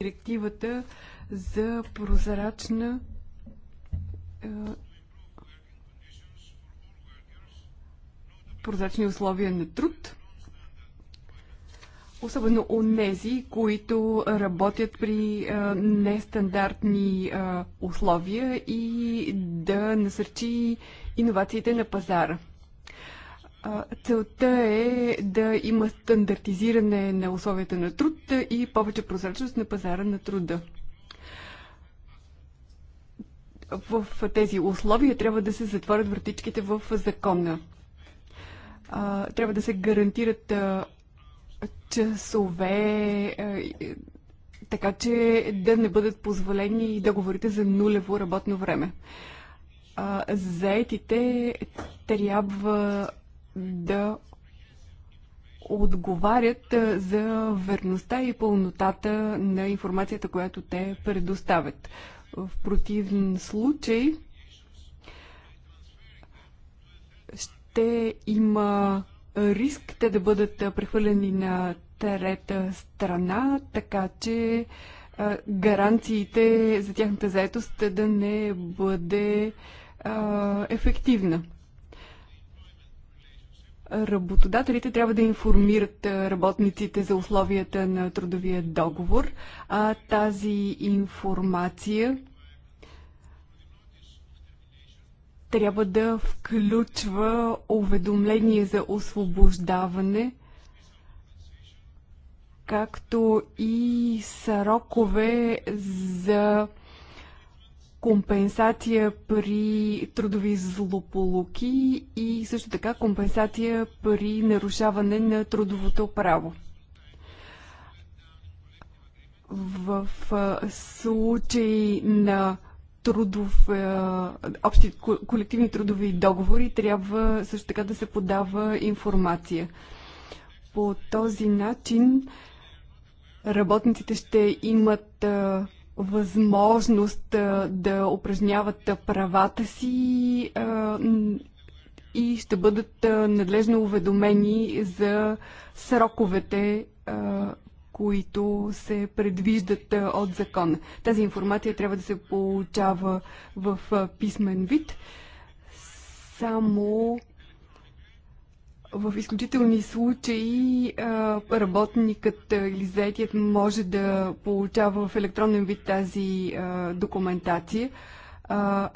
директивата за прозрачна е, прозрачни условия на труд, особено у нези, които работят при е, нестандартни е, условия и да насърчи иновациите на пазара. Целта е да има стандартизиране на условията на труд и повече прозрачност на пазара на труда. В тези условия трябва да се затворят вратичките в закона. Трябва да се гарантират часове, така че да не бъдат позволени договорите за нулево работно време. Заетите трябва да отговарят за верността и пълнотата на информацията, която те предоставят. В противен случай ще има риск те да бъдат прехвърлени на трета страна, така че гаранциите за тяхната заетост да не бъде ефективна. Работодателите трябва да информират работниците за условията на трудовия договор, а тази информация трябва да включва уведомление за освобождаване, както и срокове за компенсация при трудови злополуки и също така компенсация при нарушаване на трудовото право. В случай на трудов, общи колективни трудови договори трябва също така да се подава информация. По този начин работниците ще имат възможност да упражняват правата си и ще бъдат надлежно уведомени за сроковете, които се предвиждат от закона. Тази информация трябва да се получава в писмен вид. Само в изключителни случаи работникът или заетият може да получава в електронен вид тази документация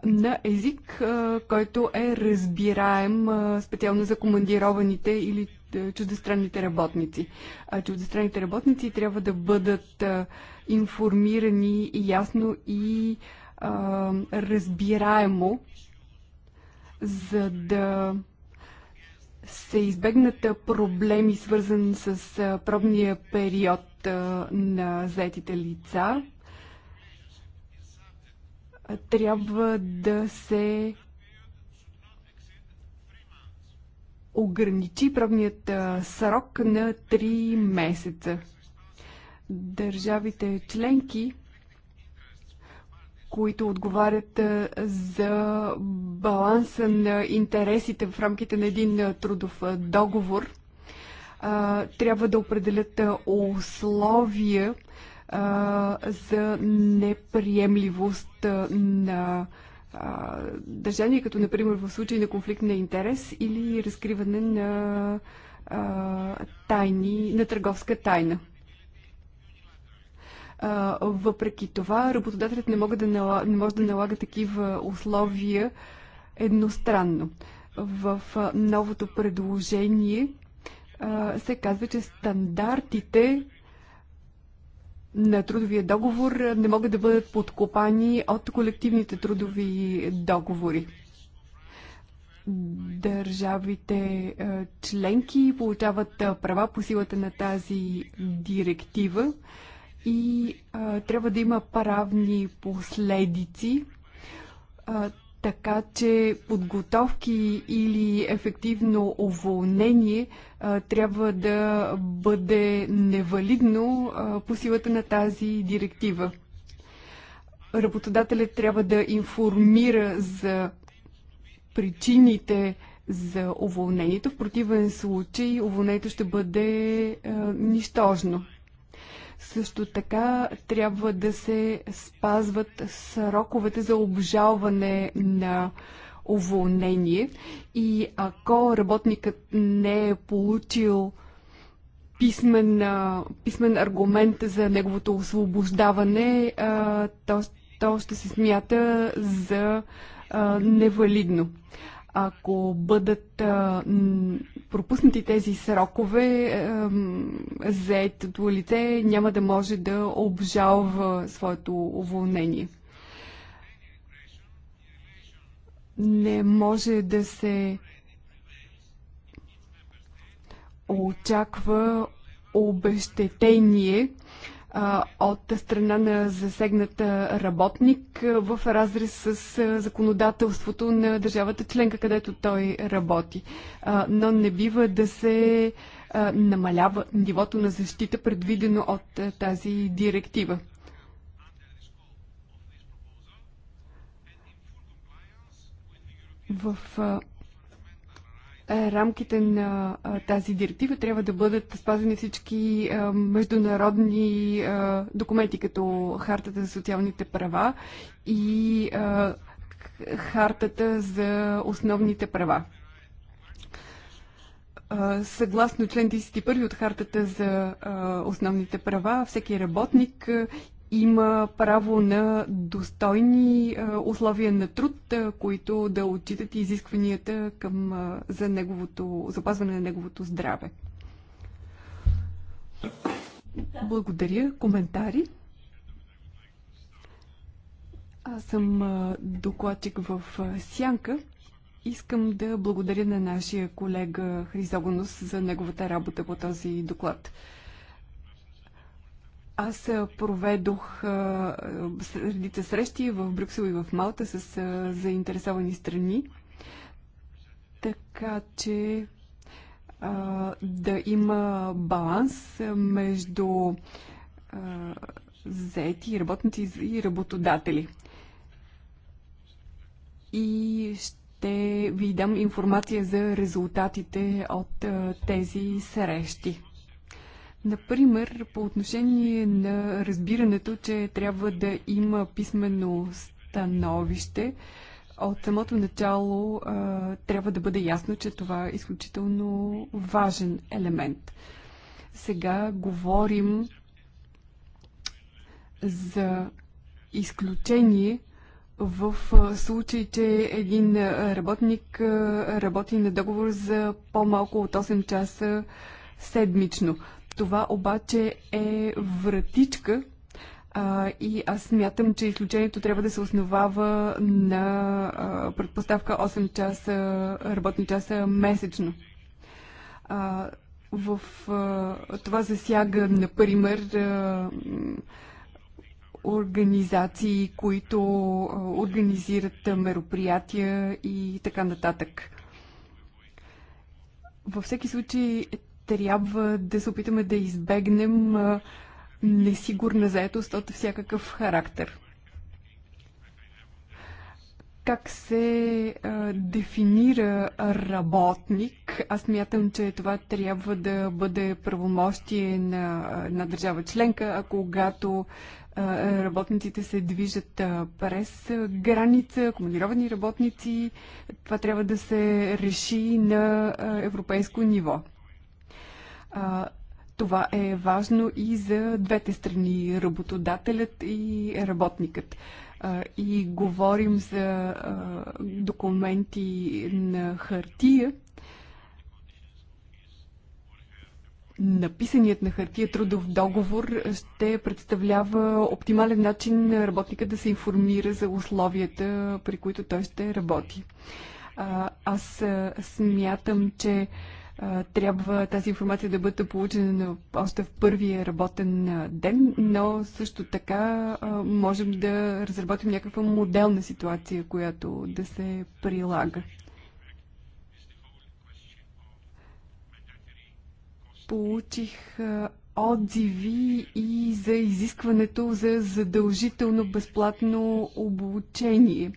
на език, който е разбираем специално за командированите или чуждестранните работници. чуждестранните работници трябва да бъдат информирани ясно и разбираемо, за да се избегнат проблеми, свързани с пробния период на заетите лица, трябва да се ограничи пробният срок на 3 месеца. Държавите членки които отговарят за баланса на интересите в рамките на един трудов договор, трябва да определят условия за неприемливост на държание, като например в случай на конфликт на интерес или разкриване на тайни, на търговска тайна. А, въпреки това, работодателят не, мога да налага, не може да налага такива условия едностранно. В новото предложение а, се казва, че стандартите на трудовия договор не могат да бъдат подкопани от колективните трудови договори. Държавите членки получават права по силата на тази директива и а, трябва да има правни последици, а, така че подготовки или ефективно уволнение а, трябва да бъде невалидно а, по силата на тази директива. Работодателят трябва да информира за причините за уволнението. В противен случай уволнението ще бъде а, нищожно. Също така трябва да се спазват сроковете за обжалване на уволнение и ако работникът не е получил писмен, писмен аргумент за неговото освобождаване, то, то ще се смята за невалидно. Ако бъдат а, пропуснати тези срокове, заетото лице няма да може да обжалва своето уволнение. Не може да се очаква обещетение от страна на засегната работник в разрез с законодателството на държавата членка, където той работи. Но не бива да се намалява нивото на защита, предвидено от тази директива. В е, рамките на е, тази директива трябва да бъдат спазени всички е, международни документи, като Хартата за социалните права и Хартата за основните права. Съгласно член 31 от Хартата за основните права, всеки работник има право на достойни условия на труд, които да отчитат изискванията към, за неговото, запазване на неговото здраве. Благодаря. Коментари? Аз съм докладчик в Сянка. Искам да благодаря на нашия колега Хризогонос за неговата работа по този доклад. Аз проведох редица срещи в Брюксел и в Малта с заинтересовани страни, така че да има баланс между заети работници и работодатели. И ще ви дам информация за резултатите от тези срещи. Например, по отношение на разбирането, че трябва да има писмено становище, от самото начало а, трябва да бъде ясно, че това е изключително важен елемент. Сега говорим за изключение в случай, че един работник работи на договор за по-малко от 8 часа седмично. Това обаче е вратичка а, и аз смятам, че изключението трябва да се основава на а, предпоставка 8 часа работни часа месечно. А, в а, това засяга, например, а, организации, които а, организират а, мероприятия и така нататък. Във всеки случай трябва да се опитаме да избегнем несигурна заетост от всякакъв характер. Как се а, дефинира работник? Аз мятам, че това трябва да бъде правомощие на, на държава членка, а когато а, работниците се движат а, през граница, командировани работници, това трябва да се реши на а, европейско ниво. А, това е важно и за двете страни работодателят и работникът. А, и говорим за а, документи на хартия. Написаният на хартия трудов договор ще представлява оптимален начин работника да се информира за условията, при които той ще работи. А, аз смятам, че а, трябва тази информация да бъде получена още в първия работен ден, но също така можем да разработим някаква моделна ситуация, която да се прилага. Получих отзиви и за изискването за задължително безплатно обучение.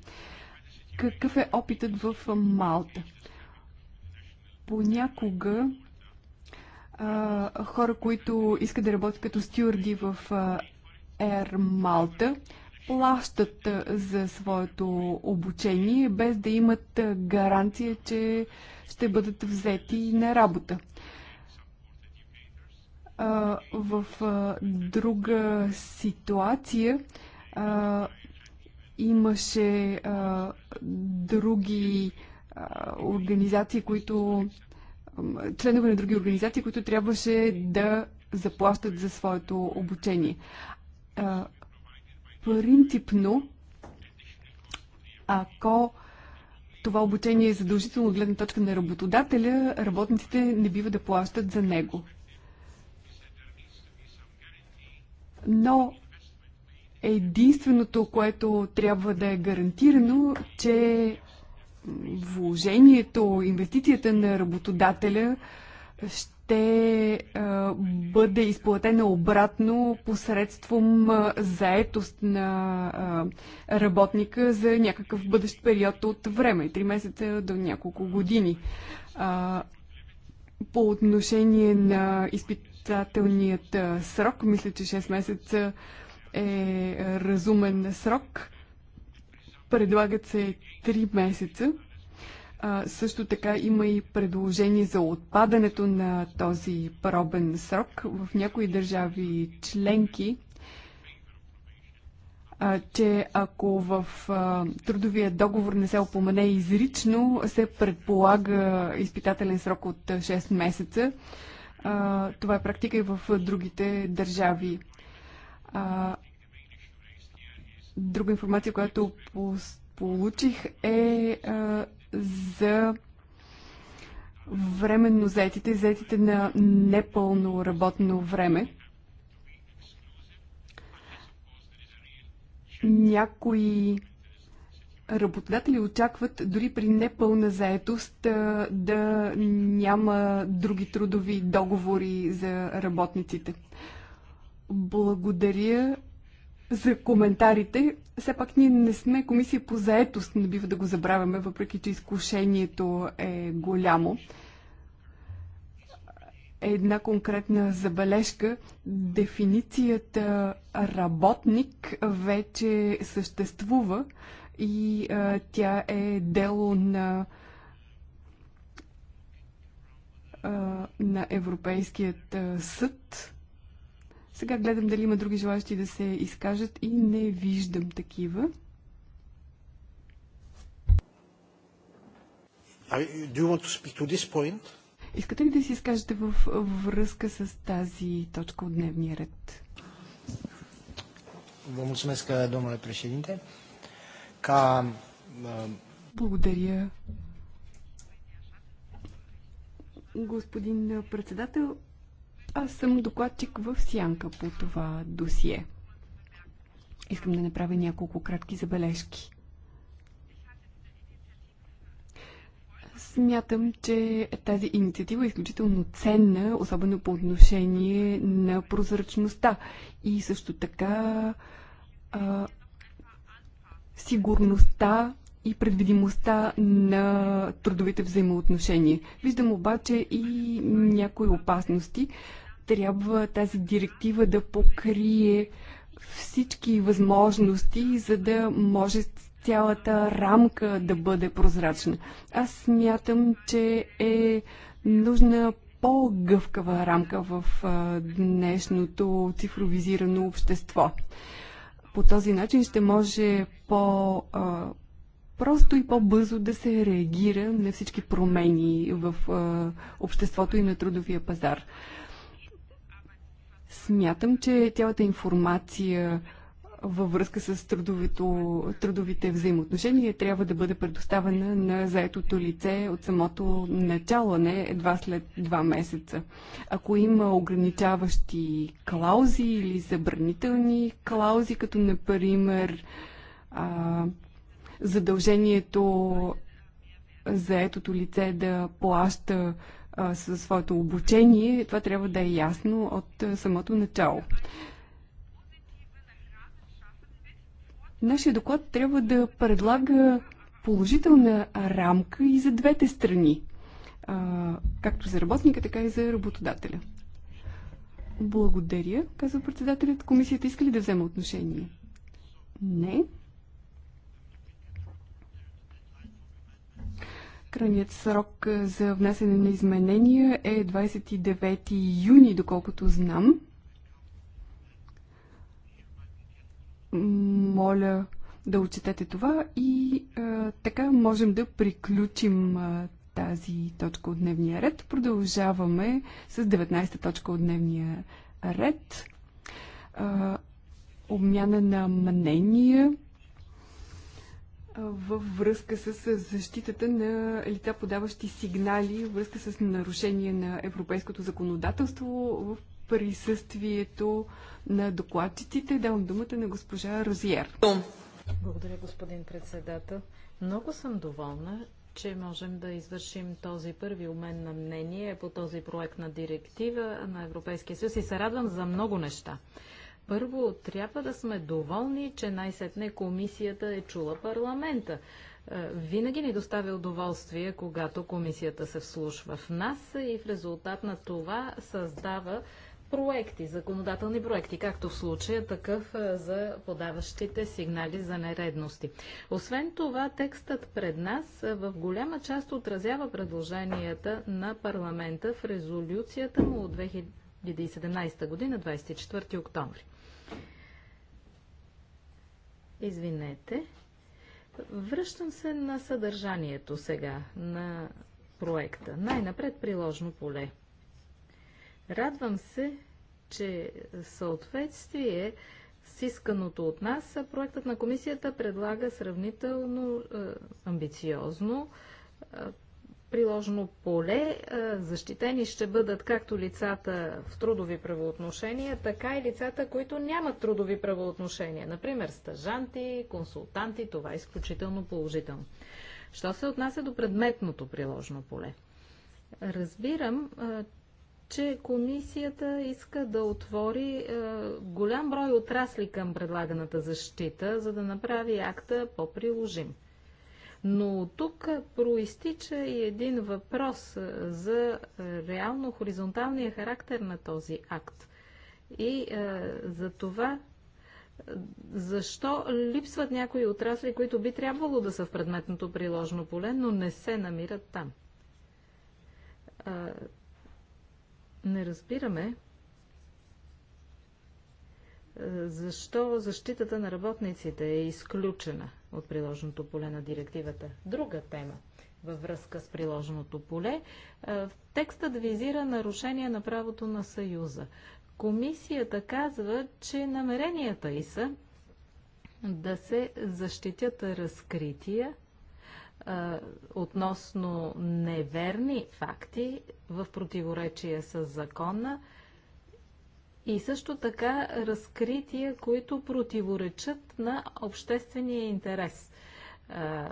Какъв е опитът в Малта? понякога а, хора, които искат да работят като стюарди в а, Air Malta, плащат за своето обучение, без да имат гаранция, че ще бъдат взети на работа. А, в а, друга ситуация а, имаше други организации, които членове на други организации, които трябваше да заплащат за своето обучение. Принципно, ако това обучение е задължително от гледна точка на работодателя, работниците не бива да плащат за него. Но единственото, което трябва да е гарантирано, че вложението, инвестицията на работодателя ще бъде изплатена обратно посредством заетост на работника за някакъв бъдещ период от време, 3 месеца до няколко години. По отношение на изпитателният срок, мисля, че 6 месеца е разумен срок Предлагат се 3 месеца. А, също така има и предложение за отпадането на този пробен срок в някои държави членки, а, че ако в а, трудовия договор не се опомене изрично, се предполага изпитателен срок от 6 месеца. А, това е практика и в другите държави. А, Друга информация, която получих е а, за временно заетите и заетите на непълно работно време. Някои работодатели очакват дори при непълна заетост да няма други трудови договори за работниците. Благодаря за коментарите. Все пак ние не сме комисия по заетост, не бива да го забравяме, въпреки че изкушението е голямо. Една конкретна забележка. Дефиницията работник вече съществува и а, тя е дело на, а, на Европейският съд сега гледам дали има други желащи да се изкажат и не виждам такива. Ами, do you want to speak to this point? Искате ли да си изкажете във връзка с тази точка от дневния ред? Vă mulțumesc, domnule președinte. Ca... Благодаря. Господин председател, аз съм докладчик в Сянка по това досие. Искам да направя няколко кратки забележки. Смятам, че тази инициатива е изключително ценна, особено по отношение на прозрачността и също така а, сигурността и предвидимостта на трудовите взаимоотношения. Виждам обаче и някои опасности трябва тази директива да покрие всички възможности, за да може цялата рамка да бъде прозрачна. Аз смятам, че е нужна по-гъвкава рамка в днешното цифровизирано общество. По този начин ще може по-просто и по-бързо да се реагира на всички промени в обществото и на трудовия пазар. Смятам, че цялата информация във връзка с трудовито, трудовите взаимоотношения трябва да бъде предоставена на заетото лице от самото начало, не едва след два месеца. Ако има ограничаващи клаузи или забранителни клаузи, като например а, задължението заетото лице да плаща със своето обучение. Това трябва да е ясно от самото начало. Нашия доклад трябва да предлага положителна рамка и за двете страни, както за работника, така и за работодателя. Благодаря, казва председателят. Комисията иска ли да взема отношение? Не. Крайният срок е, за внасяне на изменения е 29 юни, доколкото знам. Моля да отчетете това и а, е, така можем да приключим а, е, тази точка от дневния ред. Продължаваме с 19-та точка от дневния ред. А, обмяна на мнения във връзка с защитата на лица, подаващи сигнали, във връзка с нарушение на европейското законодателство в присъствието на докладчиците. Давам думата на госпожа Розиер. Благодаря, господин председател. Много съм доволна, че можем да извършим този първи умен на мнение по този проект на директива на Европейския съюз и се радвам за много неща. Първо, трябва да сме доволни, че най-сетне комисията е чула парламента. Е, винаги ни доставя удоволствие, когато комисията се вслушва в нас и в резултат на това създава проекти, законодателни проекти, както в случая такъв е, за подаващите сигнали за нередности. Освен това, текстът пред нас е, в голяма част отразява предложенията на парламента в резолюцията му от 2017 година, 24 октомври. Извинете. Връщам се на съдържанието сега, на проекта. Най-напред приложно поле. Радвам се, че съответствие с исканото от нас, проектът на комисията предлага сравнително е, амбициозно е, приложено поле. Защитени ще бъдат както лицата в трудови правоотношения, така и лицата, които нямат трудови правоотношения. Например, стъжанти, консултанти, това е изключително положително. Що се отнася до предметното приложено поле? Разбирам, че комисията иска да отвори е, голям брой отрасли към предлаганата защита, за да направи акта по-приложим. Но тук проистича и един въпрос за е, реално хоризонталния характер на този акт. И е, за това е, защо липсват някои отрасли, които би трябвало да са в предметното приложно поле, но не се намират там. Е, не разбираме е, защо защитата на работниците е изключена от приложеното поле на директивата. Друга тема във връзка с приложеното поле. Е, текстът визира нарушение на правото на Съюза. Комисията казва, че намеренията и са да се защитят разкрития а, е, относно неверни факти в противоречие с закона, и също така разкрития, които противоречат на обществения интерес. А,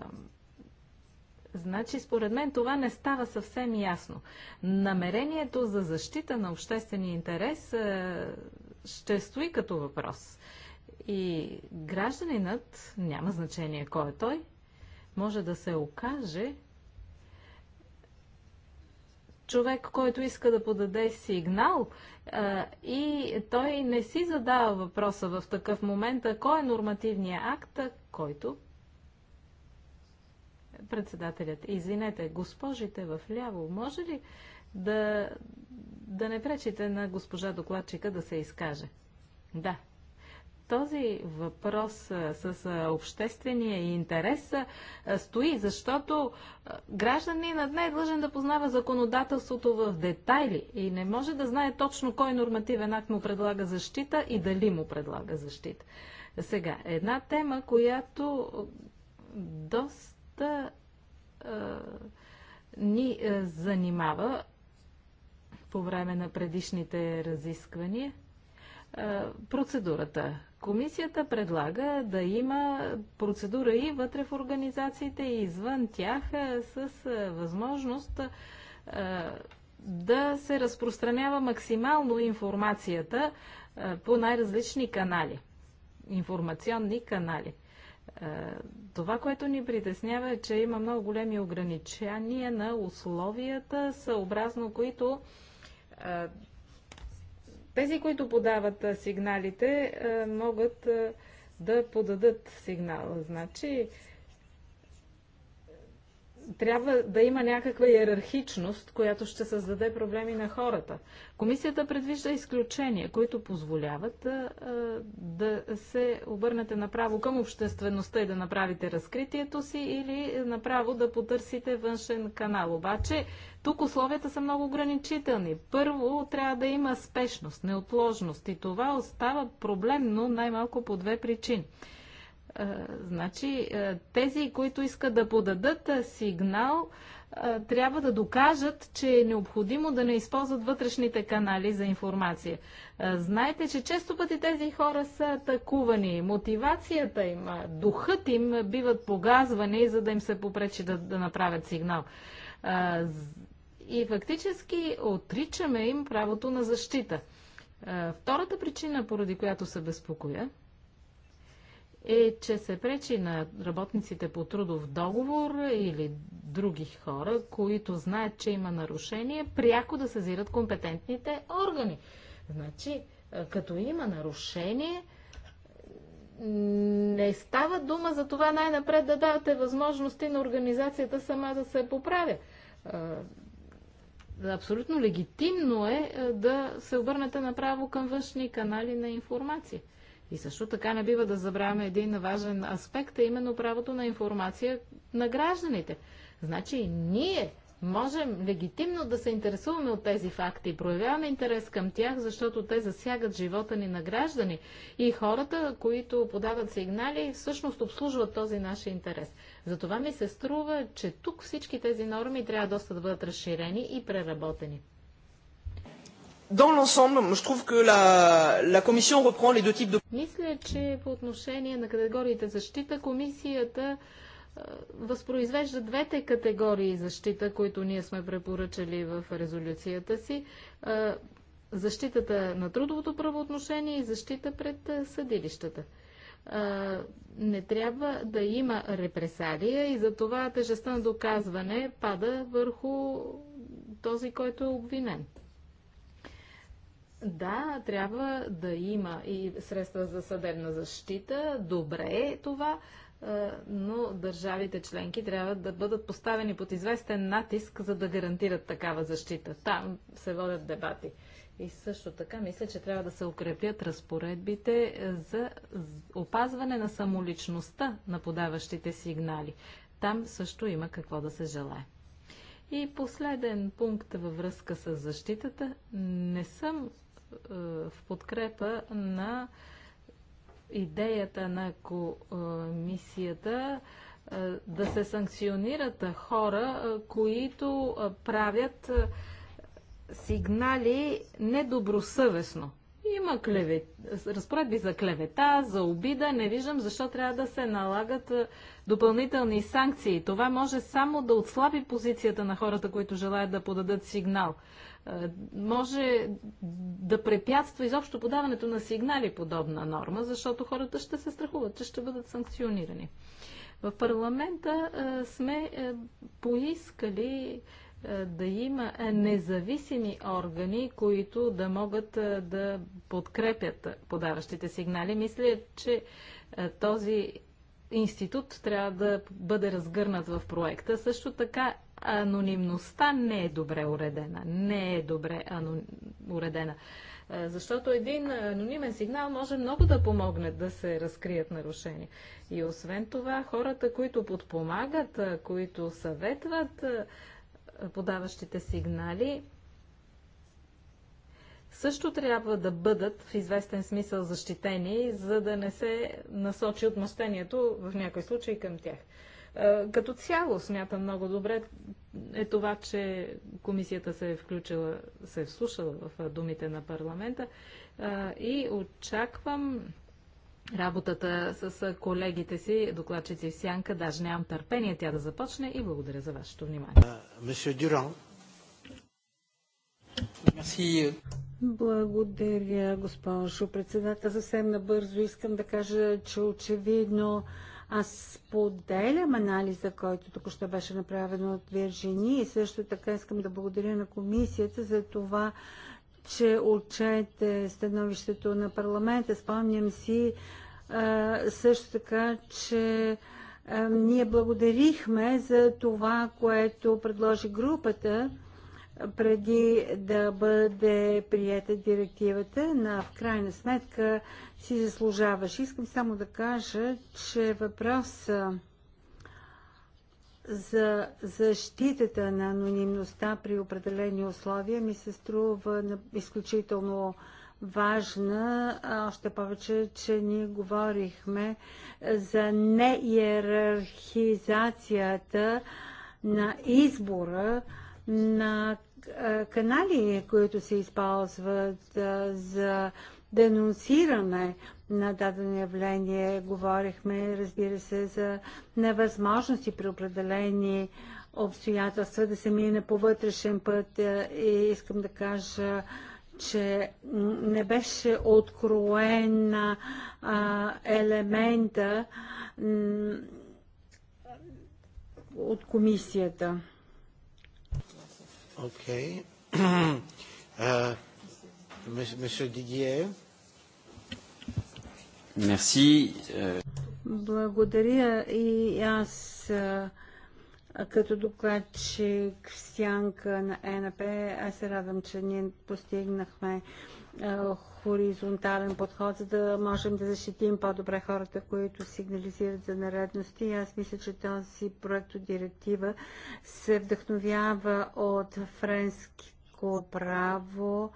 значи, според мен това не става съвсем ясно. Намерението за защита на обществения интерес а, ще стои като въпрос. И гражданинът, няма значение кой е той, може да се окаже човек, който иска да подаде сигнал а, и той не си задава въпроса в такъв момент, а кой е нормативният акт, който председателят, извинете, госпожите в ляво, може ли да, да не пречите на госпожа докладчика да се изкаже? Да, този въпрос с обществения интерес стои, защото гражданинът не е длъжен да познава законодателството в детайли и не може да знае точно кой нормативен акт му предлага защита и дали му предлага защита. Сега, една тема, която доста е, ни е, занимава по време на предишните разисквания. Е, процедурата Комисията предлага да има процедура и вътре в организациите, и извън тях, с възможност да се разпространява максимално информацията по най-различни канали, информационни канали. Това, което ни притеснява е, че има много големи ограничения на условията, съобразно които тези, които подават сигналите, могат да подадат сигнал. Значи, трябва да има някаква иерархичност, която ще създаде проблеми на хората. Комисията предвижда изключения, които позволяват а, да се обърнете направо към обществеността и да направите разкритието си или направо да потърсите външен канал. Обаче тук условията са много ограничителни. Първо трябва да има спешност, неотложност и това остава проблемно най-малко по две причини. Е, значи, е, тези, които искат да подадат е, сигнал, трябва да докажат, че е необходимо да не използват вътрешните канали за информация. Знаете, че често пъти тези хора са атакувани. Мотивацията им, духът им биват погазвани, за да им се попречи да, да направят сигнал. И фактически отричаме им правото на защита. Втората причина, поради която се безпокоя, е, че се пречи на работниците по трудов договор или други хора, които знаят, че има нарушение, пряко да съзират компетентните органи. Значи, като има нарушение, не става дума за това най-напред да давате възможности на организацията сама да се поправя. Абсолютно легитимно е да се обърнете направо към външни канали на информация. И също така не бива да забравяме един важен аспект, а именно правото на информация на гражданите. Значи ние можем легитимно да се интересуваме от тези факти, проявяваме интерес към тях, защото те засягат живота ни на граждани и хората, които подават сигнали, всъщност обслужват този наш интерес. Затова ми се струва, че тук всички тези норми трябва доста да бъдат разширени и преработени. Dans l'ensemble, je trouve que la, la Commission reprend les deux types de... Мисля, че по отношение на категориите защита, Комисията възпроизвежда двете категории защита, които ние сме препоръчали в резолюцията си. Защитата на трудовото правоотношение и защита пред съдилищата. Не трябва да има репресалия и за това тежестта на доказване пада върху този, който е обвинен. Да, трябва да има и средства за съдебна защита. Добре е това, е, но държавите членки трябва да бъдат поставени под известен натиск, за да гарантират такава защита. Там се водят дебати. И също така мисля, че трябва да се укрепят разпоредбите за опазване на самоличността на подаващите сигнали. Там също има какво да се желае. И последен пункт във връзка с защитата. Не съм е, в подкрепа на идеята на комисията е, да се санкционират хора, е, които правят сигнали недобросъвестно има клевет, разпоредби за клевета, за обида. Не виждам защо трябва да се налагат е, допълнителни санкции. Това може само да отслаби позицията на хората, които желаят да подадат сигнал. Е, може да препятства изобщо подаването на сигнали подобна норма, защото хората ще се страхуват, че ще бъдат санкционирани. В парламента е, сме поискали е, да има независими органи, които да могат е, да подкрепят подаващите сигнали. Мисля, че е, този институт трябва да бъде разгърнат в проекта. Също така анонимността не е добре уредена. Не е добре уредена. Защото един анонимен сигнал може много да помогне да се разкрият нарушения. И освен това, хората, които подпомагат, които съветват, подаващите сигнали също трябва да бъдат в известен смисъл защитени, за да не се насочи отмъщението в някой случай към тях. Е, като цяло смятам много добре е това, че комисията се е включила, се е вслушала в думите на парламента и очаквам работата с колегите си, докладчици в Сянка. Даже нямам търпение тя да започне и благодаря за вашето внимание. Благодаря, госпожо председател. Съвсем набързо искам да кажа, че очевидно аз споделям анализа, който току-що беше направен от Виржини и също така искам да благодаря на комисията за това, че отчете становището на парламента. Спомням си също така, че ние благодарихме за това, което предложи групата преди да бъде приета директивата, но в крайна сметка си заслужаваш. Искам само да кажа, че въпросът за защитата на анонимността при определени условия ми се струва изключително важна, още повече, че ние говорихме за неиерархизацията на избора на канали, които се използват за денонсиране на дадено явление. Говорихме, разбира се, за невъзможности при определени обстоятелства да се мине по вътрешен път е, и искам да кажа, че не беше откроен а, елемента от комисията. Окей. Okay. Uh, Дидие. Благодаря и аз като докладчик в сянка на ЕНП, аз се радвам, че ние постигнахме хоризонтален подход, за да можем да защитим по-добре хората, които сигнализират за наредности. Аз мисля, че този проект от директива се вдъхновява от френско право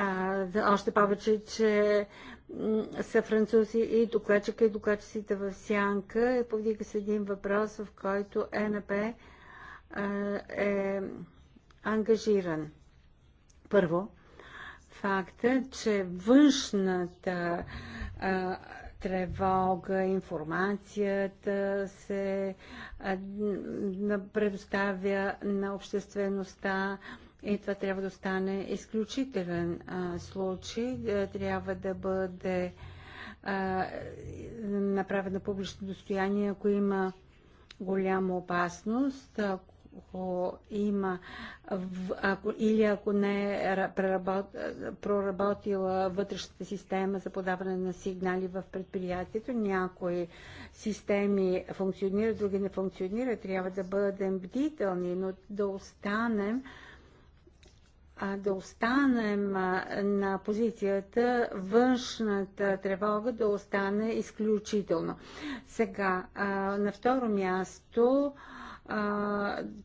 а, още повече, че са французи и докладчика и докладчиците в Сянка. Повдига се един въпрос, в който ЕНП е ангажиран. Първо, факта, че външната а, тревога, информацията се а, предоставя на обществеността, а, и това трябва да стане изключителен а, случай. Е, трябва да бъде а, направено публично достояние, ако има голяма опасност, ако има ако, или ако не е проработила вътрешната система за подаване на сигнали в предприятието, някои системи функционират, други не функционират, трябва да бъдем бдителни, но да останем а, да останем на позицията външната тревога да остане изключително. Сега, на второ място,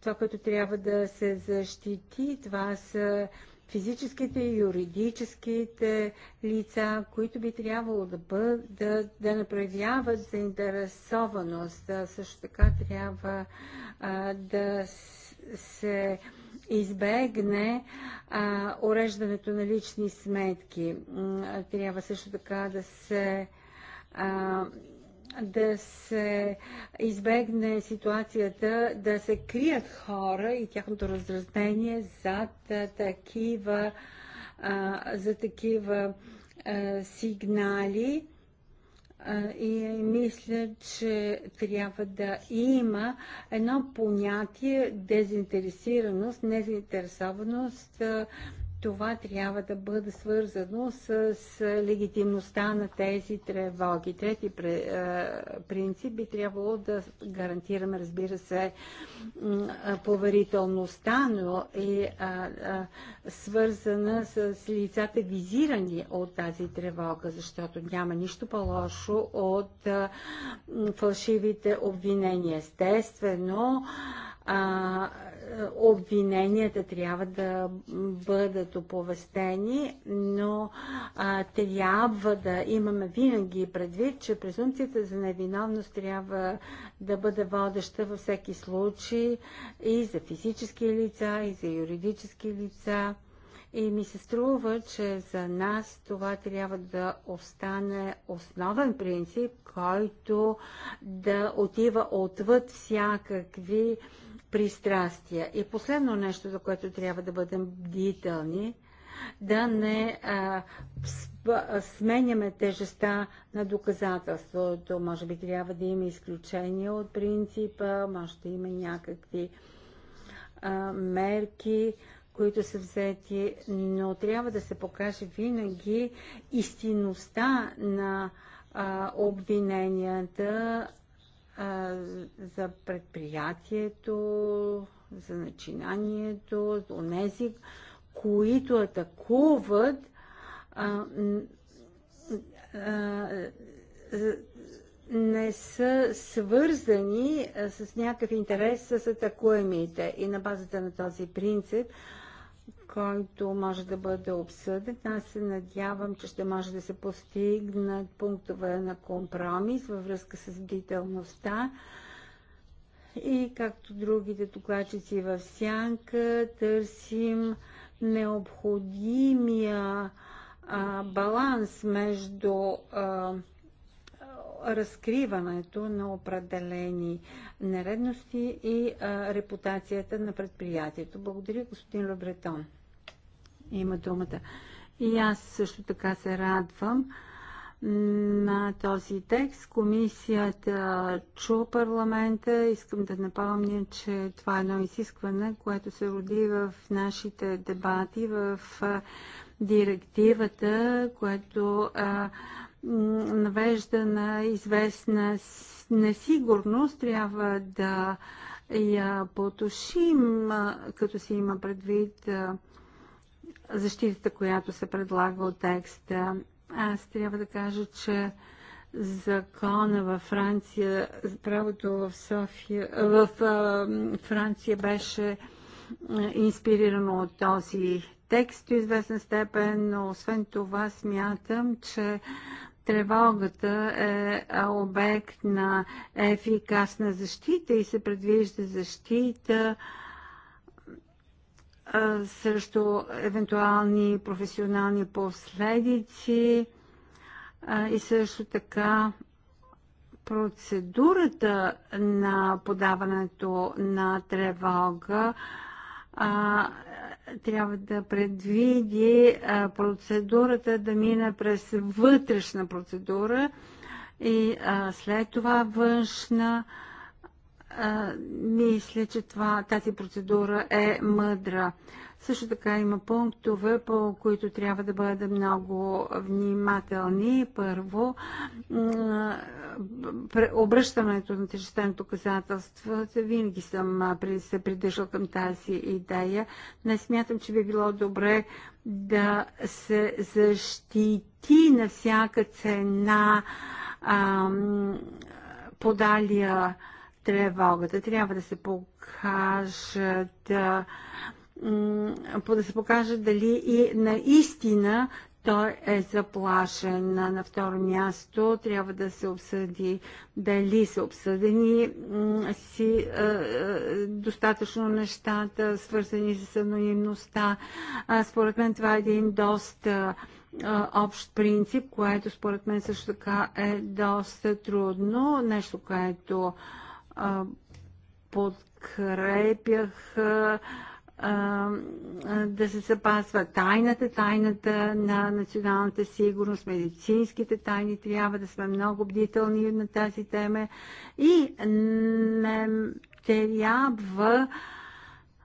това, което трябва да се защити, това са физическите и юридическите лица, които би трябвало да, да, да не проявяват заинтересованост. също така трябва да се избегне а, уреждането на лични сметки. Трябва също така да се а, да се избегне ситуацията да се крият хора и тяхното разразнение зад такива, а, за такива а, сигнали и мисля, че трябва да има едно понятие дезинтересираност, незаинтересованост това трябва да бъде свързано с легитимността на тези тревоги. Трети е, принцип би трябвало да гарантираме, разбира се, е, поверителността, но и е, свързана с лицата визирани от тази тревога, защото няма нищо по-лошо от фалшивите обвинения. Естествено, обвиненията трябва да бъдат оповестени, но а, трябва да имаме винаги предвид, че презумпцията за невиновност трябва да бъде водеща във всеки случай и за физически лица, и за юридически лица. И ми се струва, че за нас това трябва да остане основен принцип, който да отива отвъд всякакви пристрастия. И последно нещо, за което трябва да бъдем бдителни, да не а, сменяме тежестта на доказателството. Може би трябва да има изключения от принципа, може да има някакви а, мерки, които са взети, но трябва да се покаже винаги истинността на а, обвиненията за предприятието, за начинанието, за онези, които атакуват а, а, не са свързани с някакъв интерес с атакуемите. И на базата на този принцип който може да бъде обсъден. Аз се надявам, че ще може да се постигнат пунктове на компромис във връзка с бдителността и както другите докладчици в сянка, търсим необходимия а, баланс между а, разкриването на определени нередности и а, репутацията на предприятието. Благодаря, господин Лобретон има думата. И аз също така се радвам на този текст. Комисията чу парламента. Искам да напомня, че това е едно изискване, което се роди в нашите дебати, в директивата, което а, навежда на известна несигурност. Трябва да я потушим, като се има предвид а, защитата, която се предлага от текста. Аз трябва да кажа, че закона във Франция, правото в София, в Франция беше инспирирано от този текст до известна степен, но освен това смятам, че тревогата е обект на ефикасна защита и се предвижда защита срещу евентуални професионални последици и също така процедурата на подаването на тревога трябва да предвиди процедурата да мина през вътрешна процедура и след това външна мисля, че това, тази процедура е мъдра. Също така има пунктове, по които трябва да бъдем много внимателни. Първо, обръщането на тежестта на доказателства, Винаги съм се придържал към тази идея. Не смятам, че би било добре да се защити на всяка цена подалия тревогата. Трябва да се покажат да, да се покаже дали и наистина той е заплашен. На второ място трябва да се обсъди дали са обсъдени си достатъчно нещата, свързани с анонимността. според мен това е един доста общ принцип, което според мен също така е доста трудно. Нещо, което подкрепях да се запазва тайната, тайната на националната сигурност, медицинските тайни. Трябва да сме много бдителни на тази тема и не трябва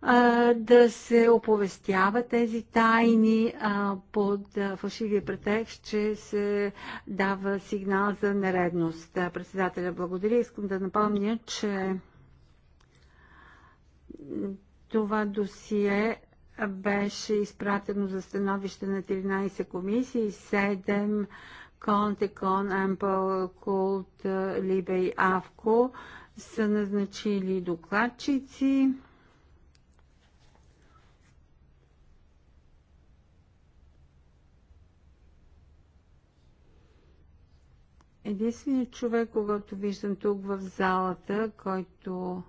а, да се оповестяват тези тайни а, под а, фалшивия претекст, че се дава сигнал за нередност. Председателя, благодаря. Искам да напомня, че това досие беше изпратено за становище на 13 комисии, 7 Контекон, Ампъл, Култ, Либе и Авко са назначили докладчици. Единственият човек, когато виждам тук в залата, който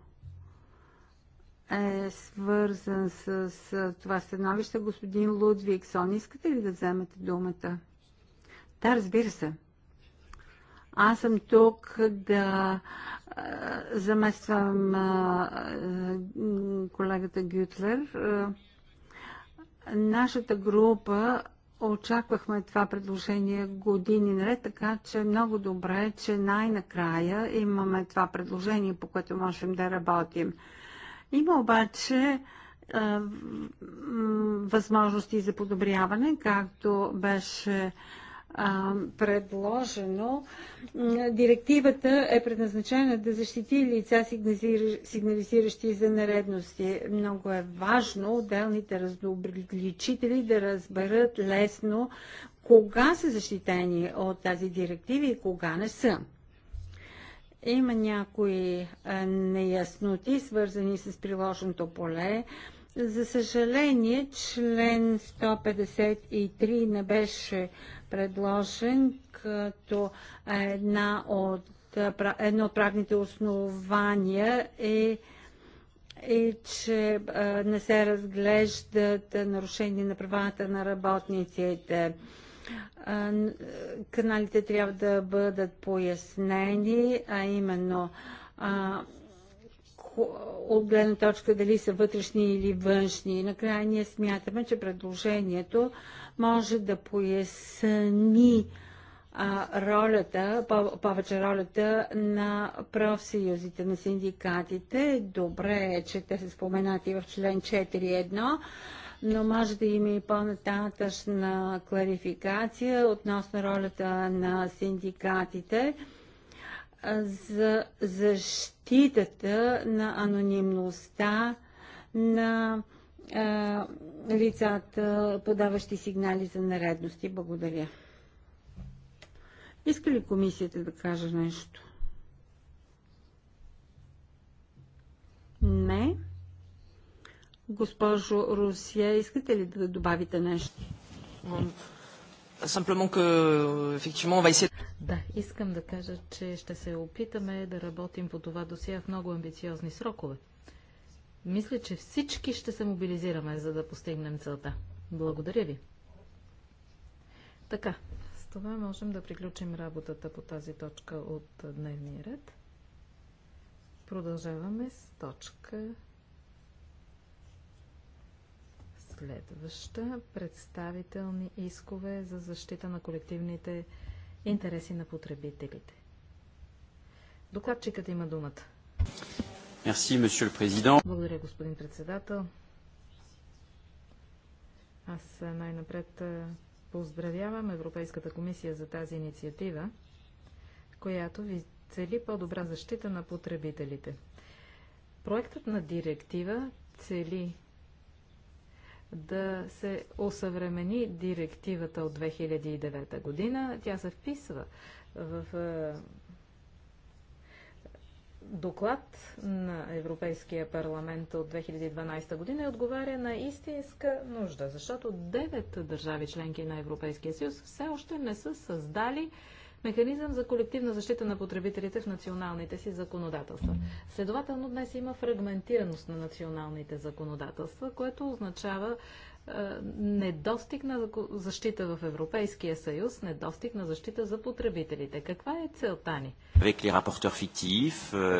е свързан с, с това становище, господин Лудвиксон. Искате ли да вземете думата? Да, разбира се. Аз съм тук да а, замествам а, колегата Гютлер. А, нашата група Очаквахме това предложение години наред, така че много добре, е, че най-накрая имаме това предложение, по което можем да работим. Има обаче е, възможности за подобряване, както беше предложено. Директивата е предназначена да защити лица, сигнализиращи за нередности. Много е важно отделните разобличители да разберат лесно кога са защитени от тази директива и кога не са. Има някои неясноти, свързани с приложеното поле. За съжаление, член 153 не беше предложен като една от, едно от правните основания е и е, че не се разглеждат нарушения на правата на работниците. каналите трябва да бъдат пояснени, а именно от гледна точка дали са вътрешни или външни. Накрая ние смятаме, че предложението може да поясни а, ролята, повече ролята на профсъюзите, на синдикатите. Добре е, че те са споменати в член 4.1 но може да има и по-нататъчна кларификация относно ролята на синдикатите за защитата на анонимността на а, лицата, подаващи сигнали за нередности. Благодаря. Иска ли комисията да каже нещо? Не. Госпожо Русия, искате ли да добавите нещо? Да, искам да кажа, че ще се опитаме да работим по това досия в много амбициозни срокове. Мисля, че всички ще се мобилизираме, за да постигнем целта. Благодаря ви. Така, с това можем да приключим работата по тази точка от дневния ред. Продължаваме с точка следваща. Представителни искове за защита на колективните интереси на потребителите. Докладчикът има думата. Merci, monsieur le président. Благодаря, господин председател. Аз най-напред поздравявам Европейската комисия за тази инициатива, която ви цели по-добра защита на потребителите. Проектът на директива цели да се осъвремени директивата от 2009 година. Тя се вписва в доклад на Европейския парламент от 2012 година и отговаря на истинска нужда, защото 9 държави членки на Европейския съюз все още не са създали механизъм за колективна защита на потребителите в националните си законодателства. Следователно днес има фрагментираност на националните законодателства, което означава, е, недостиг на защита в Европейския съюз, недостиг на защита за потребителите. Каква е целта ни? Euh,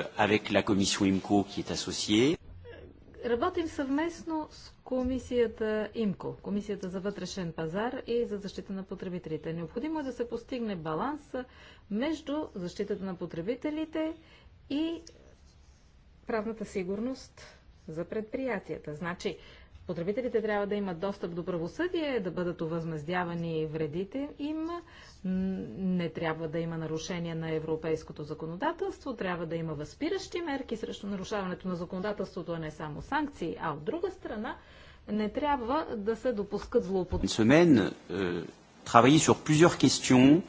Работим съвместно с комисията ИМКО, комисията за вътрешен пазар и за защита на потребителите. Необходимо е да се постигне баланс между защитата на потребителите и правната сигурност за предприятията. Значи, Потребителите трябва да имат достъп до правосъдие, да бъдат овъзмездявани вредите им. Не трябва да има нарушение на европейското законодателство, трябва да има възпиращи мерки срещу нарушаването на законодателството, а не само санкции, а от друга страна не трябва да се допускат злоупотреби. Euh, euh,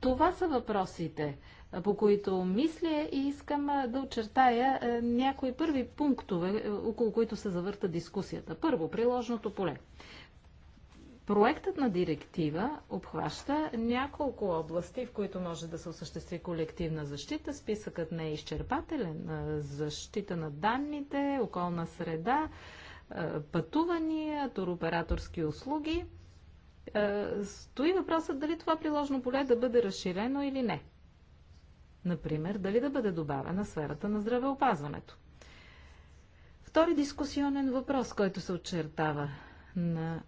Това са въпросите по които мисля и искам да очертая някои първи пунктове, е, около които се завърта дискусията. Първо, приложното поле. Проектът на директива обхваща няколко области, в които може да се осъществи колективна защита. Списъкът не е изчерпателен. Защита на данните, околна среда, пътувания, туроператорски услуги. Стои въпросът дали това приложно поле да бъде разширено или не. Например, дали да бъде добавена сферата на здравеопазването. Втори дискусионен въпрос, който се очертава на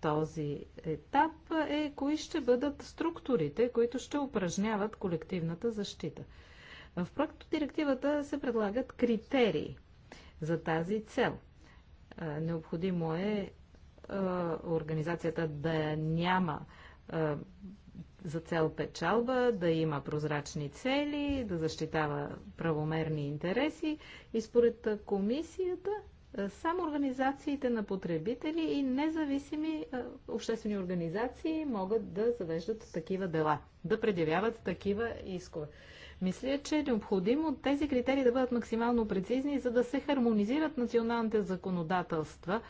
този етап е кои ще бъдат структурите, които ще упражняват колективната защита. В проекто директивата се предлагат критерии за тази цел. Необходимо е, организацията да няма за цел печалба, да има прозрачни цели, да защитава правомерни интереси. И според комисията, е, само организациите на потребители и независими е, обществени организации могат да завеждат такива дела, да предявяват такива искове. Мисля, че е необходимо тези критерии да бъдат максимално прецизни, за да се хармонизират националните законодателства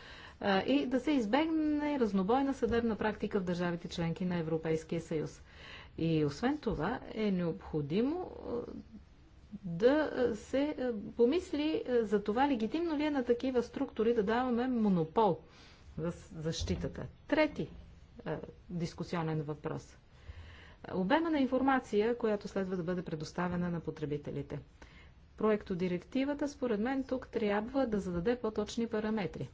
и да се избегне разнобойна съдебна практика в държавите членки на Европейския съюз. И освен това е необходимо да се помисли за това легитимно ли е на такива структури да даваме монопол за защитата. Трети дискусионен въпрос. Обема на информация, която следва да бъде предоставена на потребителите. Проектодирективата, според мен, тук трябва да зададе по-точни параметри.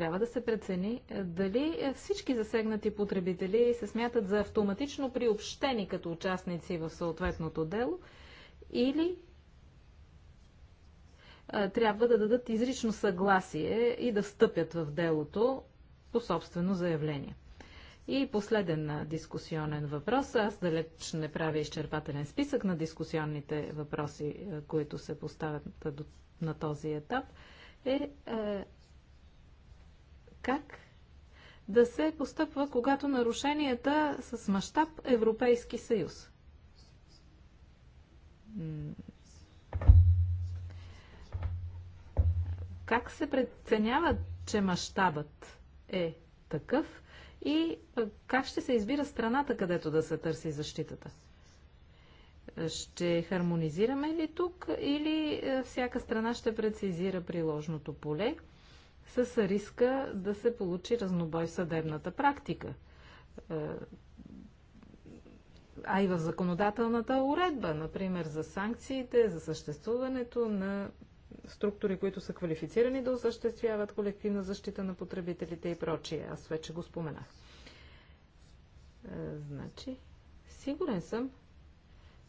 трябва да се прецени е, дали е, всички засегнати потребители се смятат за автоматично приобщени като участници в съответното дело или е, трябва да дадат изрично съгласие и да стъпят в делото по собствено заявление. И последен дискусионен въпрос. Аз далеч не правя изчерпателен списък на дискусионните въпроси, които се поставят на този етап. Е, е как да се постъпва, когато нарушенията с мащаб Европейски съюз. Как се преценява, че мащабът е такъв и как ще се избира страната, където да се търси защитата? Ще хармонизираме ли тук или всяка страна ще прецизира приложното поле? с риска да се получи разнобой в съдебната практика, е, а и в законодателната уредба, например за санкциите, за съществуването на структури, които са квалифицирани да осъществяват колективна защита на потребителите и прочие. Аз вече го споменах. Е, значи, сигурен съм,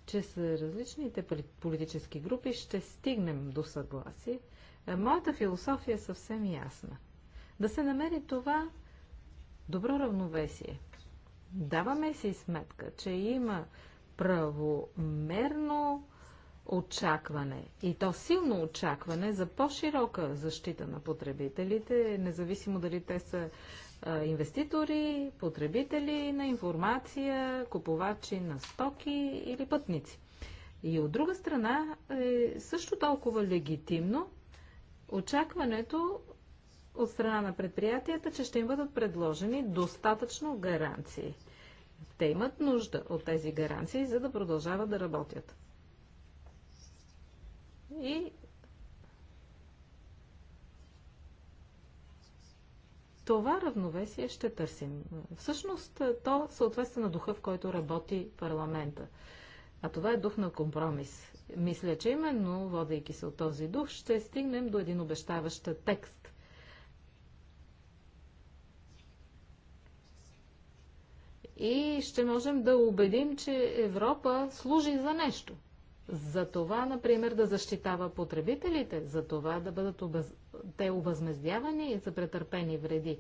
че с различните политически групи ще стигнем до съгласие е, моята философия е съвсем ясна. Да се намери това добро равновесие. Даваме си сметка, че има правомерно очакване и то силно очакване за по-широка защита на потребителите, независимо дали те са инвеститори, потребители на информация, купувачи на стоки или пътници. И от друга страна е също толкова легитимно очакването от страна на предприятията, че ще им бъдат предложени достатъчно гаранции. Те имат нужда от тези гаранции, за да продължават да работят. И това равновесие ще търсим. Всъщност, то съответства на духа, в който работи парламента. А това е дух на компромис. Мисля, че именно, водейки се от този дух, ще стигнем до един обещаващ текст. И ще можем да убедим, че Европа служи за нещо. За това, например, да защитава потребителите, за това да бъдат обез... те и за претърпени вреди.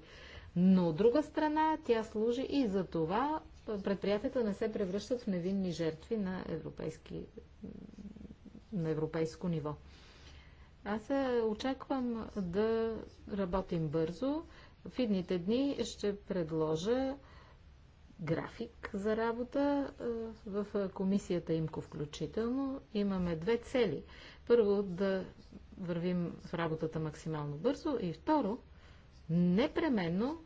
Но от друга страна, тя служи и за това предприятията не се превръщат в невинни жертви на европейски на европейско ниво. Аз е, очаквам да работим бързо. В идните дни ще предложа график за работа е, в е, комисията имко включително. Имаме две цели. Първо, да вървим в работата максимално бързо и второ, непременно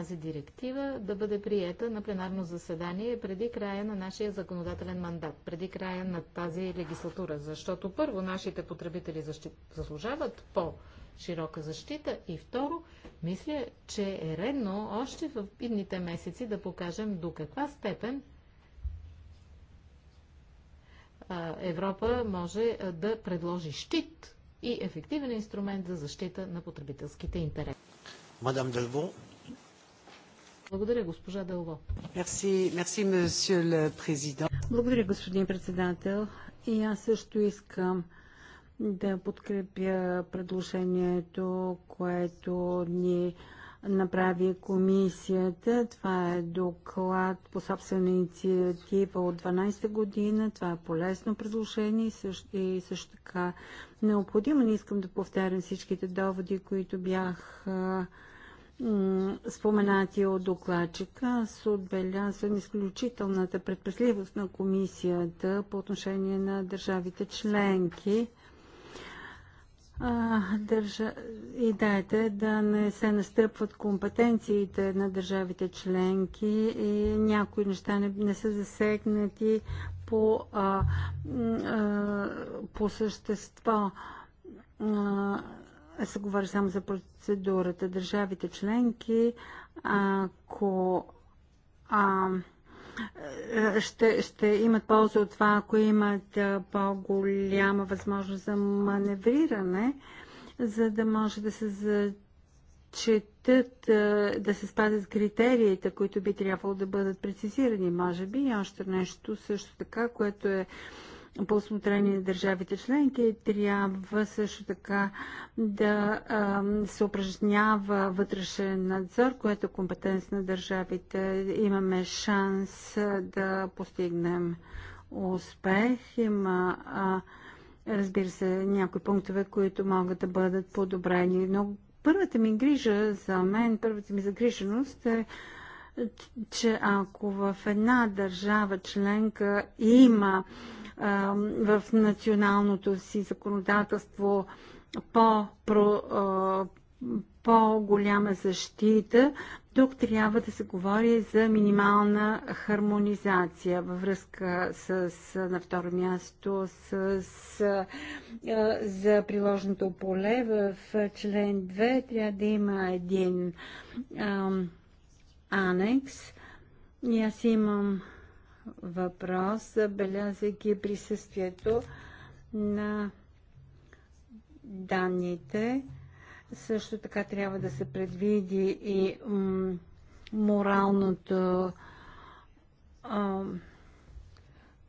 тази директива да бъде приета на пленарно заседание преди края на нашия законодателен мандат, преди края на тази легислатура. Защото първо, нашите потребители защит... заслужават по-широка защита и второ, мисля, че е редно още в идните месеци да покажем до каква степен Европа може да предложи щит и ефективен инструмент за защита на потребителските интереси. Мадам Дълбо. Благодаря, госпожа Дълго. Мерси, мерси, президент. Благодаря, господин председател. И аз също искам да подкрепя предложението, което ни направи комисията. Това е доклад по собствена инициатива от 12-та година. Това е полезно предложение и също, и също така необходимо. Не искам да повтарям всичките доводи, които бях споменати от докладчика. Аз отбелязвам изключителната предпазливост на комисията по отношение на държавите членки. държа... Идеята е да не се настъпват компетенциите на държавите членки и някои неща не, не са засегнати по, а, а, по същество. А, се говори само за процедурата. Държавите членки, ако а, ще, ще имат полза от това, ако имат по-голяма възможност за маневриране, за да може да се зачетат, да се спазят критериите, които би трябвало да бъдат прецизирани, може би. И още нещо също така, което е по осмотрение на държавите членки. Трябва също така да се упражнява вътрешен надзор, което е компетенция на държавите. Имаме шанс да постигнем успех. Има разбира се, някои пунктове, които могат да бъдат подобрени. Но първата ми грижа за мен, първата ми загриженост е, че ако в една държава членка има в националното си законодателство по, по-голяма защита, тук трябва да се говори за минимална хармонизация във връзка с, на второ място, с, с за приложното поле в член 2 трябва да има един ам, анекс. И аз имам въпрос, белязайки присъствието на данните. Също така трябва да се предвиди и моралното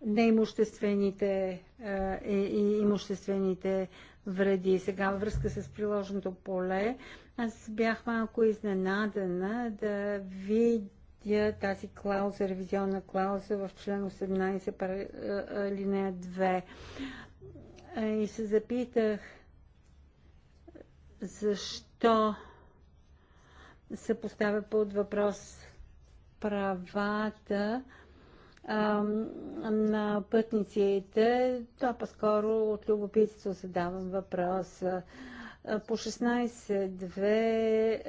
неимуществените и имуществените вреди. Сега във връзка с приложното поле, аз бях малко изненадана да видя видя тази клауза, ревизионна клауза в член 18, линия 2. И се запитах защо се поставя под въпрос правата а, на пътниците. Това по-скоро от любопитство задавам въпрос. Е, по 16.2 е,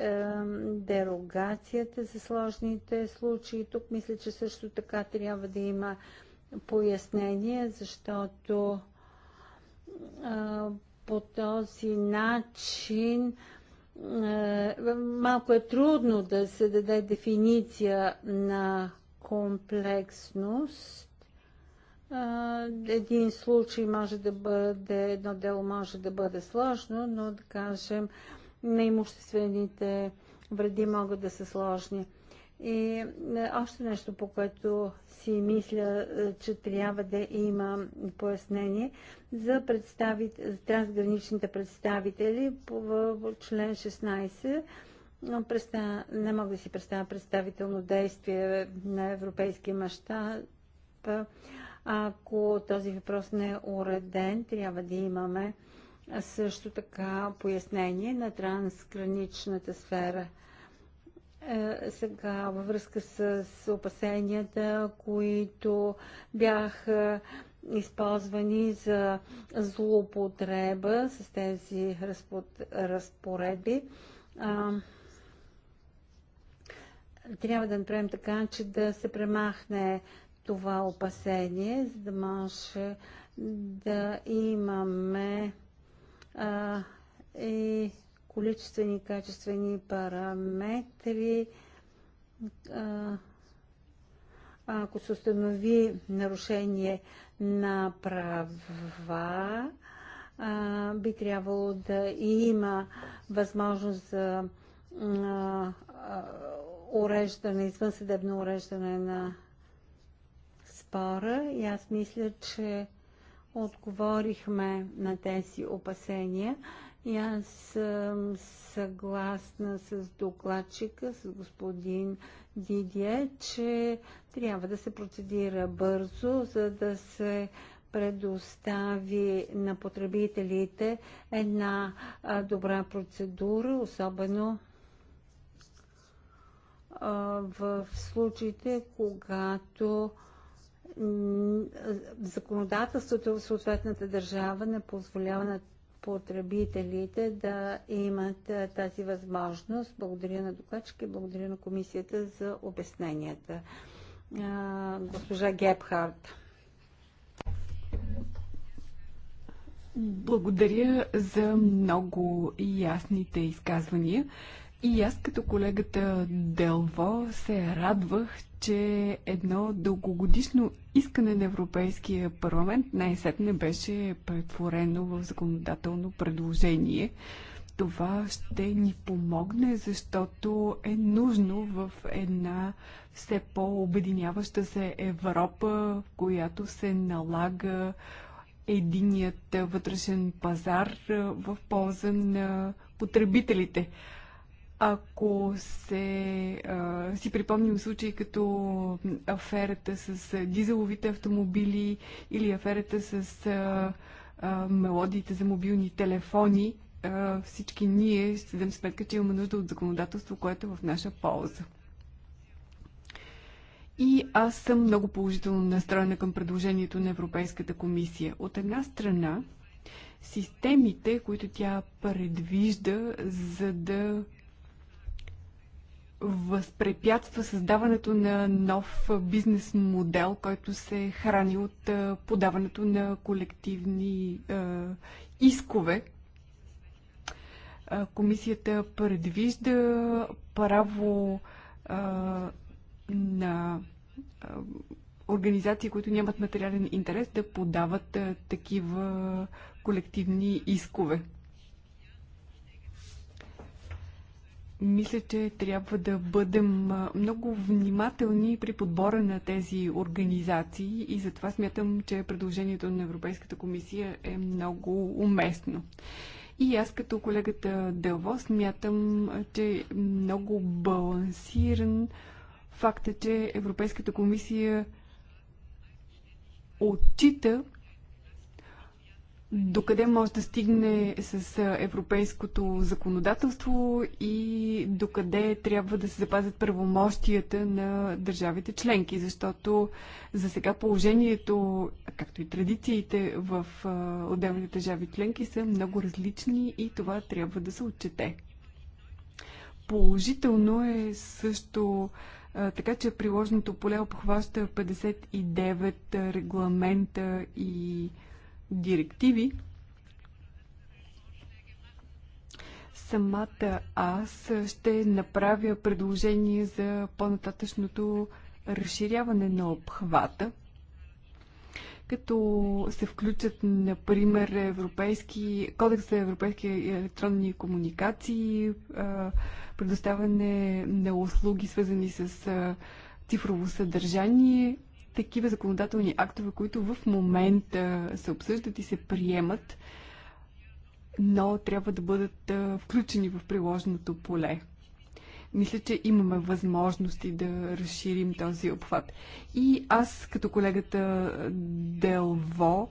дерогацията за сложните случаи. Тук мисля, че също така трябва да има пояснение, защото е, по този начин малко е трудно да се даде дефиниция на комплексност един случай може да бъде, едно дело може да бъде сложно, но да кажем, неимуществените вреди могат да са сложни. И е, още нещо, по което си мисля, е, че трябва да има пояснение за за трансграничните представители в член 16 Представ... Не мога да си представя представително действие на европейския мащаб ако този въпрос не е уреден, трябва да имаме също така пояснение на трансграничната сфера. Е, сега във връзка с, опасенията, които бяха използвани за злоупотреба с тези разпоредби. трябва да направим така, че да се премахне това опасение, за да може да имаме а, и количествени и качествени параметри. А, ако се установи нарушение на права, а, би трябвало да има възможност за уреждане, извън извънсъдебно уреждане на спора и аз мисля, че отговорихме на тези опасения и аз съм съгласна с докладчика, с господин Дидие, че трябва да се процедира бързо, за да се предостави на потребителите една добра процедура, особено в случаите, когато законодателството в съответната държава не позволява на потребителите да имат тази възможност. Благодаря на докладчика и благодаря на комисията за обясненията. Госпожа Гебхарт. Благодаря за много ясните изказвания. И аз като колегата Делво се радвах, че едно дългогодишно искане на Европейския парламент най-сетне беше претворено в законодателно предложение. Това ще ни помогне, защото е нужно в една все по-обединяваща се Европа, в която се налага единият вътрешен пазар в полза на потребителите. Ако се, а, си припомним случаи като аферата с дизеловите автомобили или аферата с а, а, мелодиите за мобилни телефони, а, всички ние ще дадем сметка, че имаме нужда от законодателство, което е в наша полза. И аз съм много положително настроена към предложението на Европейската комисия. От една страна, системите, които тя предвижда, за да възпрепятства създаването на нов бизнес модел, който се храни от подаването на колективни искове. Комисията предвижда право на организации, които нямат материален интерес, да подават такива колективни искове. Мисля, че трябва да бъдем много внимателни при подбора на тези организации и затова смятам, че предложението на Европейската комисия е много уместно. И аз като колегата Делво смятам, че е много балансиран факта, че Европейската комисия отчита докъде може да стигне с европейското законодателство и докъде трябва да се запазят правомощията на държавите членки, защото за сега положението, както и традициите в отделните държави членки са много различни и това трябва да се отчете. Положително е също така че приложното поле обхваща 59 регламента и директиви, самата аз ще направя предложение за по-нататъчното разширяване на обхвата, като се включат, например, европейски, кодекс за европейски електронни комуникации, предоставяне на услуги, свързани с цифрово съдържание, такива законодателни актове, които в момента се обсъждат и се приемат, но трябва да бъдат включени в приложеното поле. Мисля, че имаме възможности да разширим този обхват. И аз, като колегата Делво,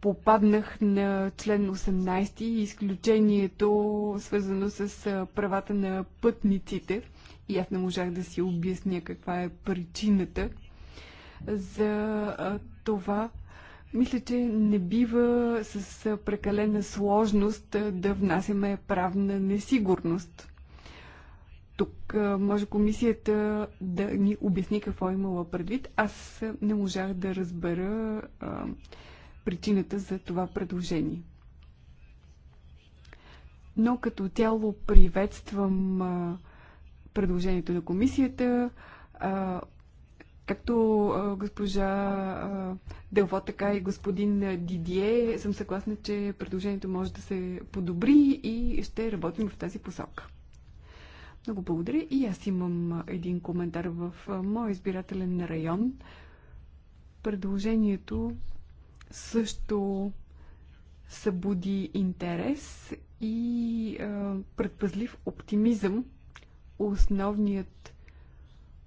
попаднах на член 18 и изключението, свързано с правата на пътниците. И аз не можах да си обясня каква е причината за това. Мисля, че не бива с прекалена сложност да внасяме правна несигурност. Тук може комисията да ни обясни какво е имала предвид. Аз не можах да разбера а, причината за това предложение. Но като цяло приветствам а, предложението на комисията. А, Както госпожа Дълво, така и господин Дидие, съм съгласна, че предложението може да се подобри и ще работим в тази посока. Много благодаря. И аз имам един коментар в моя избирателен район. Предложението също събуди интерес и а, предпазлив оптимизъм. Основният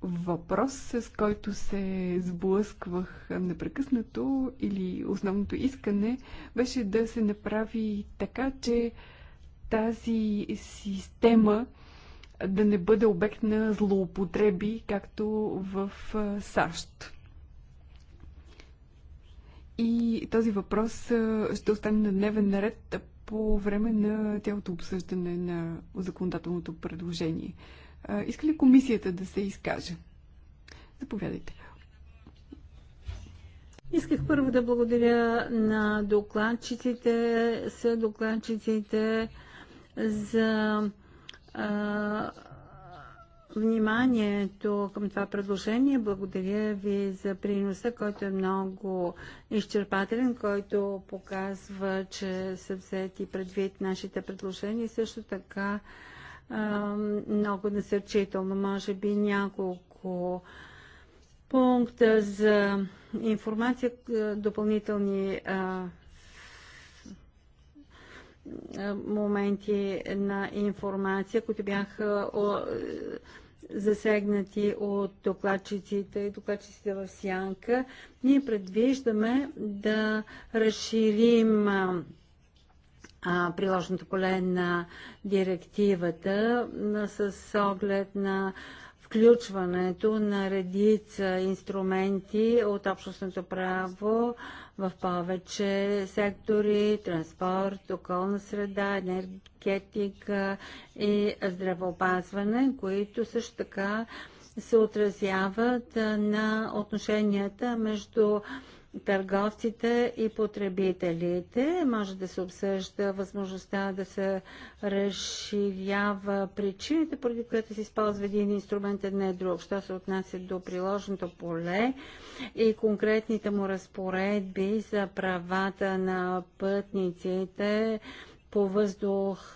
въпрос, с който се сблъсквах непрекъснато или основното искане беше да се направи така, че тази система да не бъде обект на злоупотреби, както в САЩ. И този въпрос ще остане на дневен наред по време на цялото обсъждане на законодателното предложение. Иска ли комисията да се изкаже? Заповядайте. Исках първо да благодаря на докладчиците, са докладчиците за а, вниманието към това предложение. Благодаря ви за приноса, който е много изчерпателен, който показва, че са взети предвид нашите предложения. Също така много насърчително. Може би няколко пункта за информация, допълнителни моменти на информация, които бяха засегнати от докладчиците и докладчиците в Сянка. Ние предвиждаме да разширим приложното поле на директивата с оглед на включването на редица инструменти от общностното право в повече сектори, транспорт, околна среда, енергетика и здравеопазване, които също така се отразяват на отношенията между търговците и потребителите. Може да се обсъжда възможността да се разширява причините, поради които се използва един инструмент, а не друг. Що се отнася до приложното поле и конкретните му разпоредби за правата на пътниците, по въздух,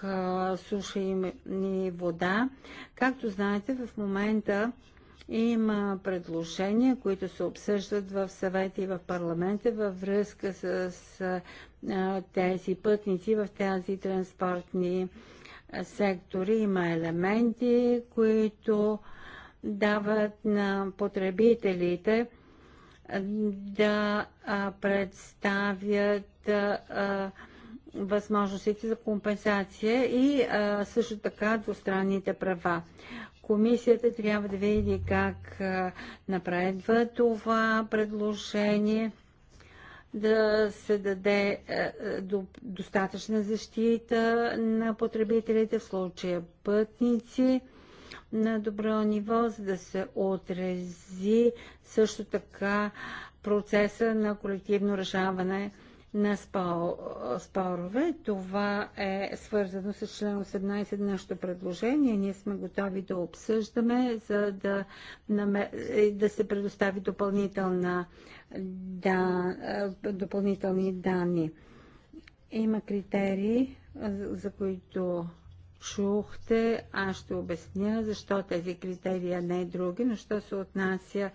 суша и вода. Както знаете, в момента има предложения, които се обсъждат в съвета и в парламента във връзка с, а, тези пътници в тези транспортни сектори. Има елементи, които дават на потребителите да а, представят а, възможностите за компенсация и а, също така двустранните права. Комисията трябва да види как напредва това предложение да се даде достатъчна защита на потребителите, в случая пътници на добро ниво, за да се отрези също така процеса на колективно решаване на спорове. Това е свързано с член 18 нашето предложение. Ние сме готови да обсъждаме, за да, е, да се предостави допълнителна, да, е, допълнителни данни. Има критерии, за които чухте. Аз ще обясня защо тези критерия не е други, но що се отнася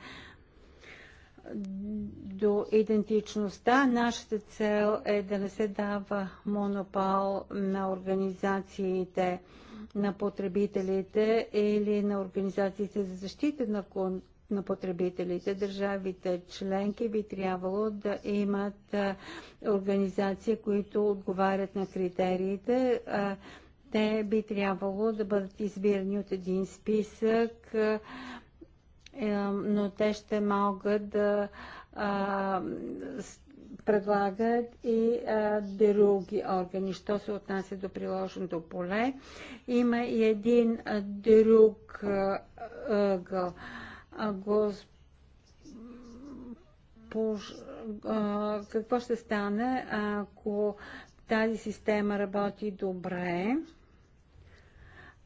до идентичността. Нашата цел е да не се дава монопол на организациите на потребителите или на организациите за защита на, на потребителите. Държавите членки би трябвало да имат организации, които отговарят на критериите. Те би трябвало да бъдат избирани от един списък но те ще могат да предлагат и други органи. Що се отнася до приложеното поле, има и един друг ъгъл. Какво ще стане, ако тази система работи добре?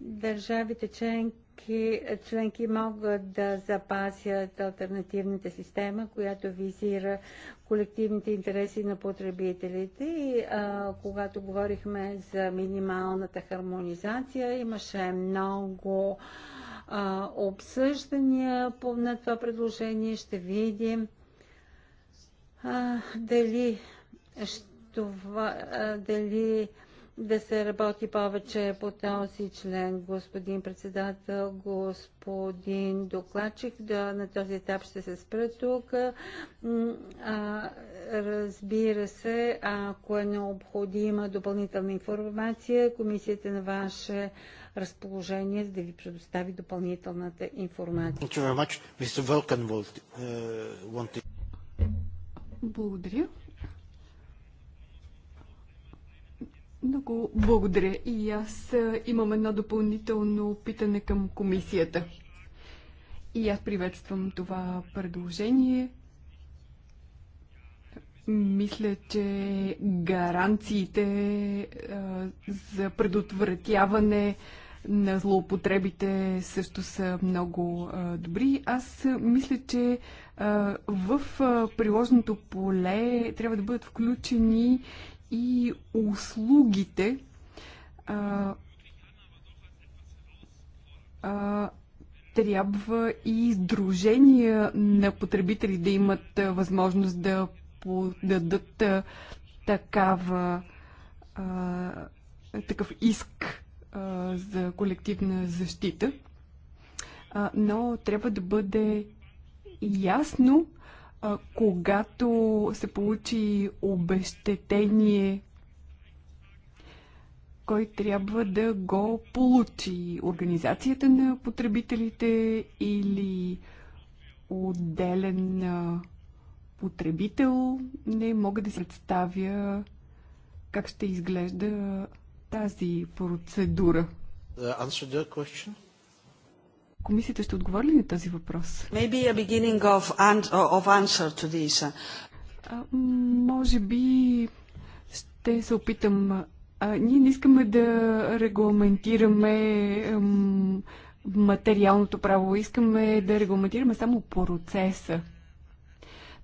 Държавите членки членки, членки могат да запасят альтернативната система, която визира колективните интереси на потребителите. И а, когато говорихме за минималната хармонизация, имаше много а, обсъждания по, на това предложение. Ще видим а, дали това, а, дали да се работи повече по този член, господин председател, господин докладчик. Да, на този етап ще се спра тук. А, разбира се, ако е необходима допълнителна информация, комисията на ваше разположение, за да ви предостави допълнителната информация. Е, Благодаря. Много благодаря. И аз имам едно допълнително питане към комисията. И аз приветствам това предложение. Мисля, че гаранциите а, за предотвратяване на злоупотребите също са много а, добри. Аз мисля, че а, в а, приложното поле трябва да бъдат включени и услугите. А, а, трябва и сдружения на потребители да имат възможност да подадат такава, а, такъв иск а, за колективна защита. А, но трябва да бъде ясно когато се получи обещетение, кой трябва да го получи? Организацията на потребителите или отделен потребител? Не мога да представя как ще изглежда тази процедура. Uh, Комисията ще отговори ли на този въпрос? Maybe a beginning of, an- of answer to this. А, може би ще се опитам. А, ние не искаме да регламентираме ам, материалното право. Искаме да регламентираме само процеса.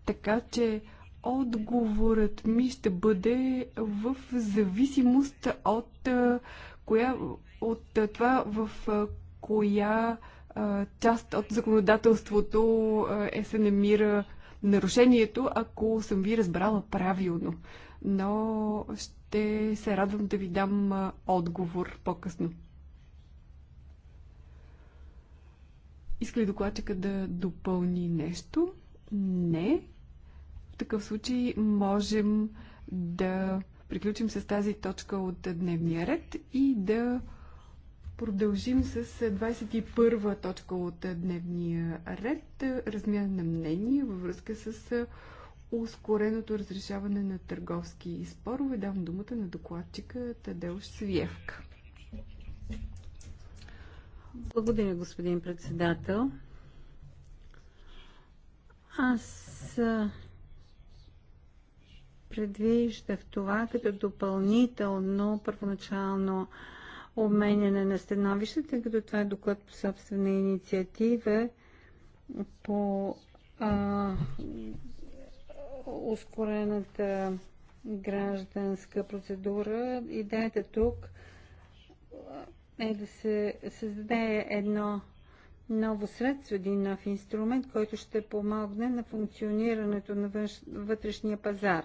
Така че отговорът ми ще бъде в зависимост от, коя, от това в коя част от законодателството е, се намира нарушението, ако съм ви разбрала правилно. Но ще се радвам да ви дам отговор по-късно. Иска ли докладчика да допълни нещо? Не. В такъв случай можем да приключим с тази точка от дневния ред и да продължим с 21-а точка от дневния ред. Размяна на мнение във връзка с ускореното разрешаване на търговски спорове. Давам думата на докладчика Тадеуш Свиевка. Благодаря, господин председател. Аз предвиждах това като допълнително първоначално обменяне на становища, тъй като това е доклад по собствена инициатива по а, ускорената гражданска процедура. Идеята тук е да се създаде едно ново средство, един нов инструмент, който ще помогне на функционирането на вътрешния пазар.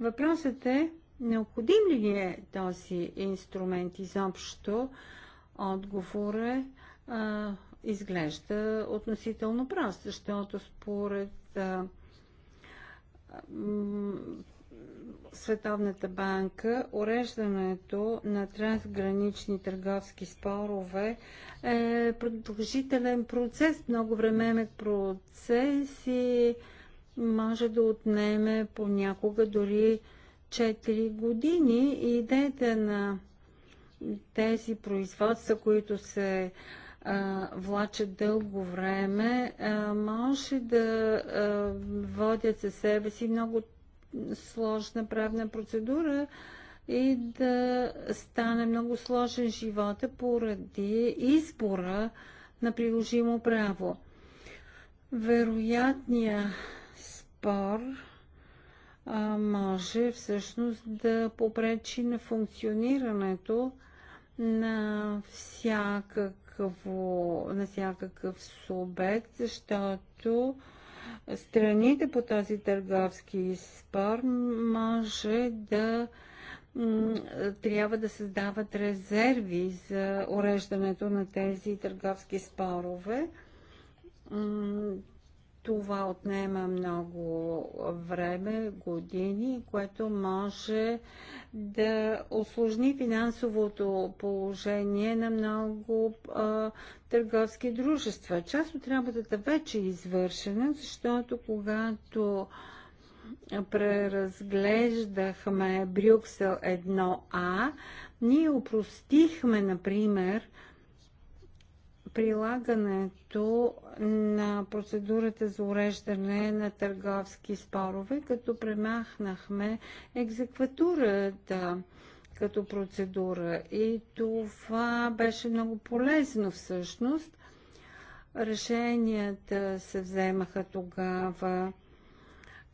Въпросът е Необходим ли е този инструмент изобщо? е, а, изглежда относително прост, защото според а, Световната банка, уреждането на трансгранични търговски спорове е продължителен процес, много времемен процес и може да отнеме понякога дори 4 години и идеята на тези производства, които се а, влачат дълго време, а, може да а, водят със себе си много сложна правна процедура и да стане много сложен живота поради избора на приложимо право. Вероятният спор може всъщност да попречи на функционирането на всякакъв, на всякакъв субект, защото страните по този търговски спор може да трябва да създават резерви за уреждането на тези търговски спорове. Това отнема много време, години, което може да осложни финансовото положение на много а, търговски дружества. Част от работата вече е извършена, защото когато преразглеждахме Брюксел 1А, ние упростихме, например, прилагането на процедурата за уреждане на търговски спорове, като премахнахме екзекватурата като процедура. И това беше много полезно всъщност. Решенията се вземаха тогава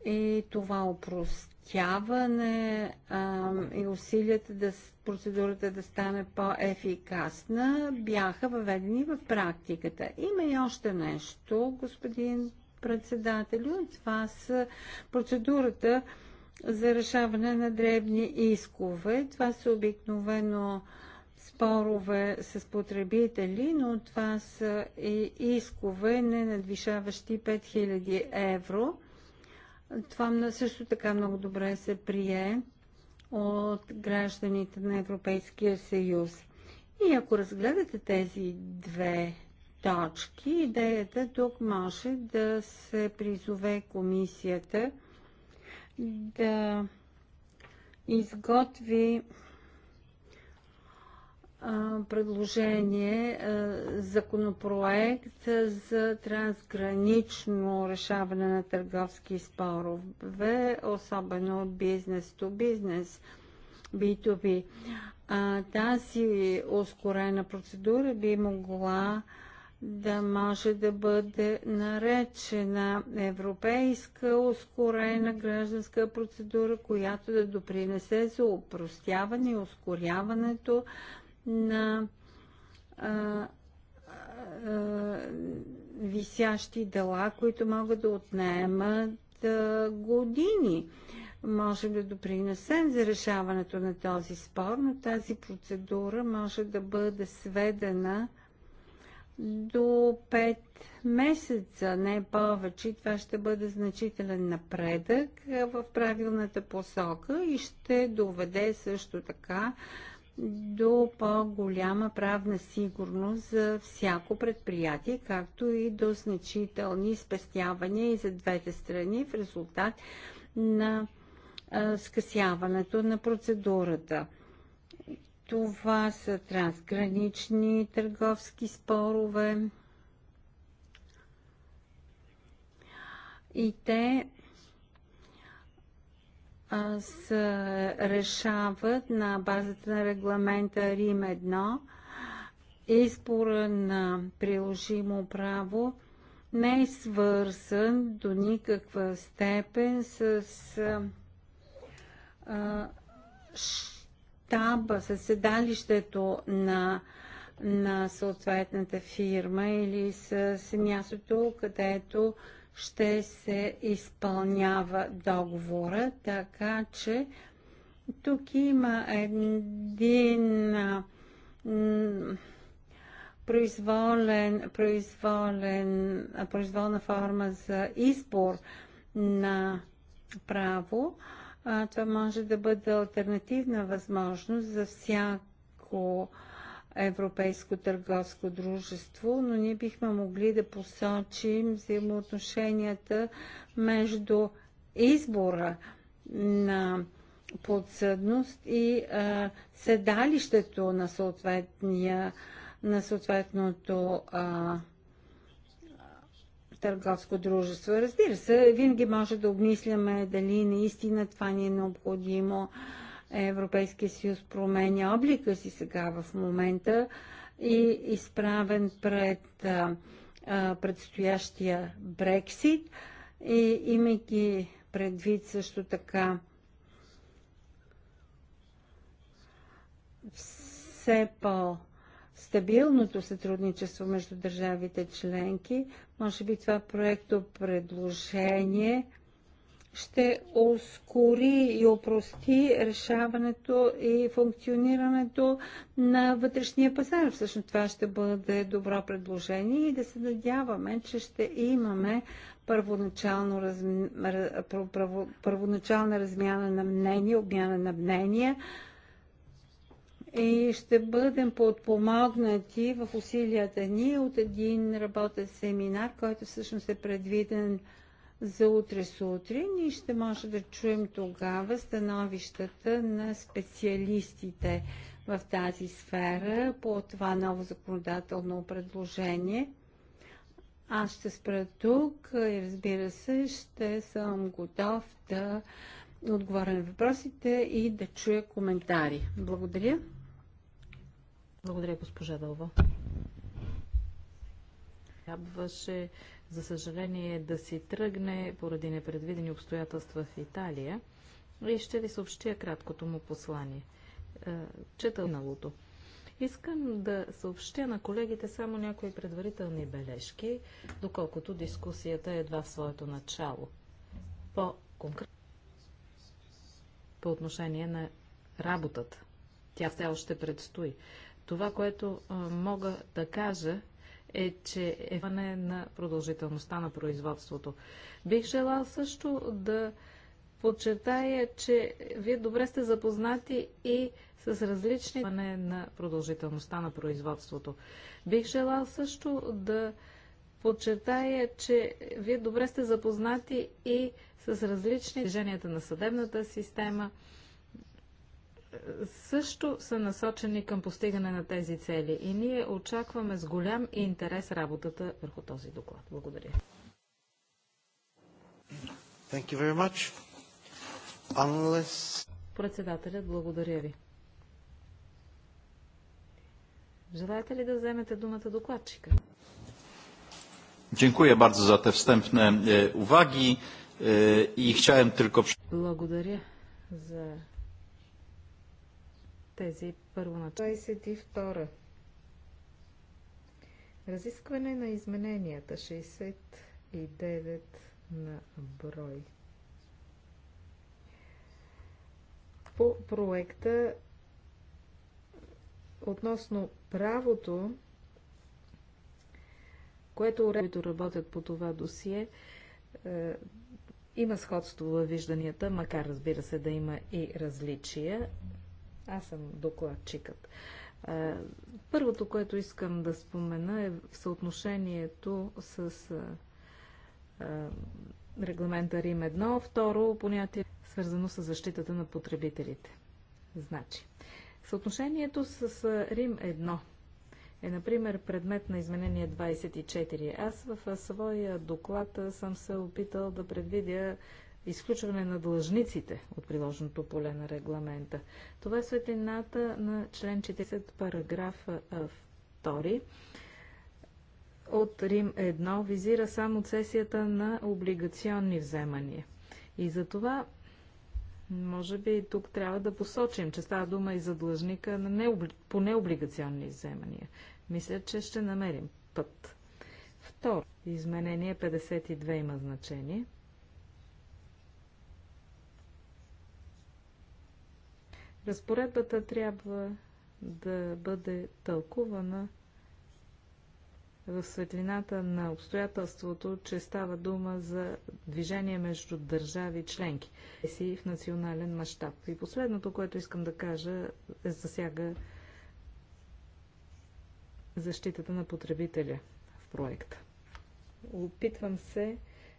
и това опрост обогатяване а, и усилията да процедурата да стане по-ефикасна бяха въведени в практиката. Има и още нещо, господин председател. От Това са процедурата за решаване на дребни искове. Това са обикновено спорове с потребители, но това са и искове, не надвишаващи 5000 евро. Това също така много добре се прие от гражданите на Европейския съюз. И ако разгледате тези две точки, идеята тук може да се призове комисията да изготви предложение, законопроект за трансгранично решаване на търговски спорове, особено бизнес то бизнес, B2B. Тази ускорена процедура би могла да може да бъде наречена европейска ускорена гражданска процедура, която да допринесе за упростяване и ускоряването на а, а, висящи дела, които могат да отнемат а, години. Можем да допринесем за решаването на този спор, но тази процедура може да бъде сведена до 5 месеца, не повече. Това ще бъде значителен напредък в правилната посока и ще доведе също така до по-голяма правна сигурност за всяко предприятие, както и до значителни спестявания и за двете страни в резултат на скъсяването на процедурата. Това са трансгранични търговски спорове и те се решават на базата на регламента Рим 1 избора на приложимо право не е свързан до никаква степен с а, штаба, с седалището на, на съответната фирма или с мястото, където ще се изпълнява договора, така че тук има един произволен, произволен, произволна форма за избор на право. Това може да бъде альтернативна възможност за всяко Европейско търговско дружество, но ние бихме могли да посочим взаимоотношенията между избора на подсъдност и а, седалището на, съответния, на съответното а, търговско дружество. Разбира се, винаги може да обмисляме дали наистина това ни е необходимо. А, Европейския съюз променя облика си сега в момента и изправен пред предстоящия Брексит и имайки предвид също така все по- стабилното сътрудничество между държавите членки, може би това проекто предложение – ще ускори и опрости решаването и функционирането на вътрешния пазар. Всъщност това ще бъде добро предложение и да се надяваме, че ще имаме първоначално разми... първо... първоначална размяна на мнения обмяна на мнения и ще бъдем подпомогнати в усилията ни от един работен семинар, който всъщност е предвиден за утре сутрин и ще може да чуем тогава становищата на специалистите в тази сфера по това ново законодателно предложение. Аз ще спра тук и разбира се, ще съм готов да отговоря на въпросите и да чуя коментари. Благодаря. Благодаря, госпожа Дълва. Трябваше за съжаление, да си тръгне поради непредвидени обстоятелства в Италия и ще ви съобщя краткото му послание. Е, чета Луто. Искам да съобщя на колегите само някои предварителни бележки, доколкото дискусията е едва в своето начало. По-конкретно по отношение на работата. Тя все още предстои. Това, което а, е, мога да кажа е, че е на продължителността на производството. Бих желал също да подчертая, че вие добре сте запознати и с различни на продължителността на производството. Бих желал също да подчертая, че вие добре сте запознати и с различни движенията на съдебната система, също са насочени към постигане на тези цели и ние очакваме с голям интерес работата върху този доклад. Благодаря. Thank you very much. Unless... Председателят, благодаря ви. Желаете ли да вземете думата докладчика? Dziękuję bardzo za te wstępne e, uwagi e, i chciałem tylko... Благодаря за тези първоначални. 22. Разискване на измененията 69 на брой. По проекта относно правото, което които работят по това досие, е, има сходство във вижданията, макар разбира се да има и различия. Аз съм докладчикът. Първото, което искам да спомена е в съотношението с регламента Рим 1. Второ понятие свързано с защитата на потребителите. Значи, съотношението с Рим 1 е, например, предмет на изменение 24. Аз в своя доклад съм се опитал да предвидя изключване на длъжниците от приложното поле на регламента. Това е светлината на член 40, параграф 2 от Рим 1 визира само цесията на облигационни вземания. И за това, може би, тук трябва да посочим, че става дума и за длъжника на необли... по необлигационни вземания. Мисля, че ще намерим път. Второ, изменение 52 има значение. Разпоредбата трябва да бъде тълкувана в светлината на обстоятелството, че става дума за движение между държави членки си в национален мащаб. И последното, което искам да кажа, е засяга защитата на потребителя в проекта. Опитвам се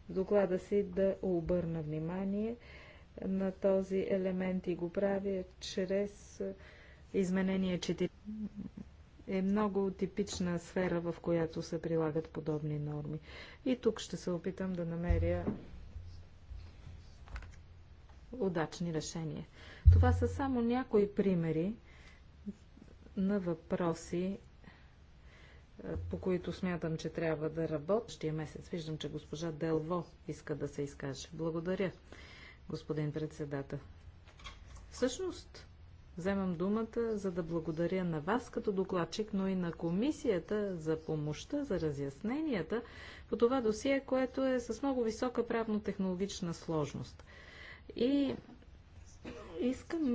в доклада си да обърна внимание на този елемент и го правя чрез е, изменение 4. Е много типична сфера, в която се прилагат подобни норми. И тук ще се опитам да намеря удачни решения. Това са само някои примери на въпроси, е, по които смятам, че трябва да работя. Е месец виждам, че госпожа Делво иска да се изкаже. Благодаря господин председател. Всъщност, вземам думата, за да благодаря на вас като докладчик, но и на комисията за помощта, за разясненията по това досие, което е с много висока правно-технологична сложност. И искам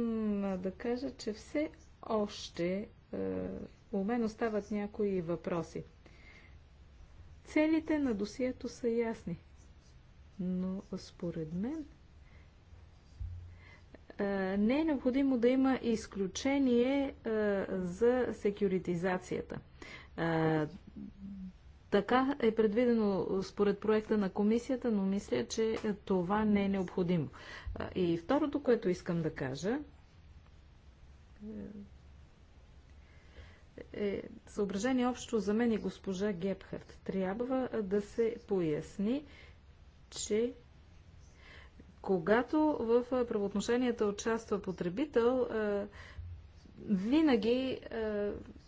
да кажа, че все още е, у мен остават някои въпроси. Целите на досието са ясни, но според мен – е, не е необходимо да има изключение е, за секюритизацията. Е, така е предвидено според проекта на комисията, но мисля, че това не е необходимо. И второто, което искам да кажа, е съображение общо за мен и госпожа Гепхарт. Трябва да се поясни, че когато в правоотношенията участва потребител, винаги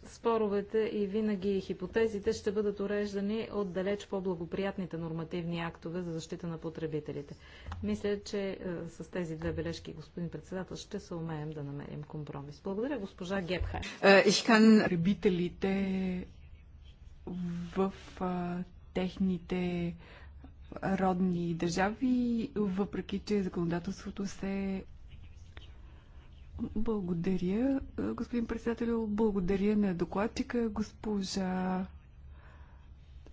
споровете и винаги хипотезите ще бъдат уреждани от далеч по-благоприятните нормативни актове за защита на потребителите. Мисля, че с тези две бележки, господин председател, ще се умеем да намерим компромис. Благодаря, госпожа Гепхай. Е, потребителите в техните родни държави, въпреки че законодателството се. Благодаря, господин председател, Благодаря на докладчика, госпожа.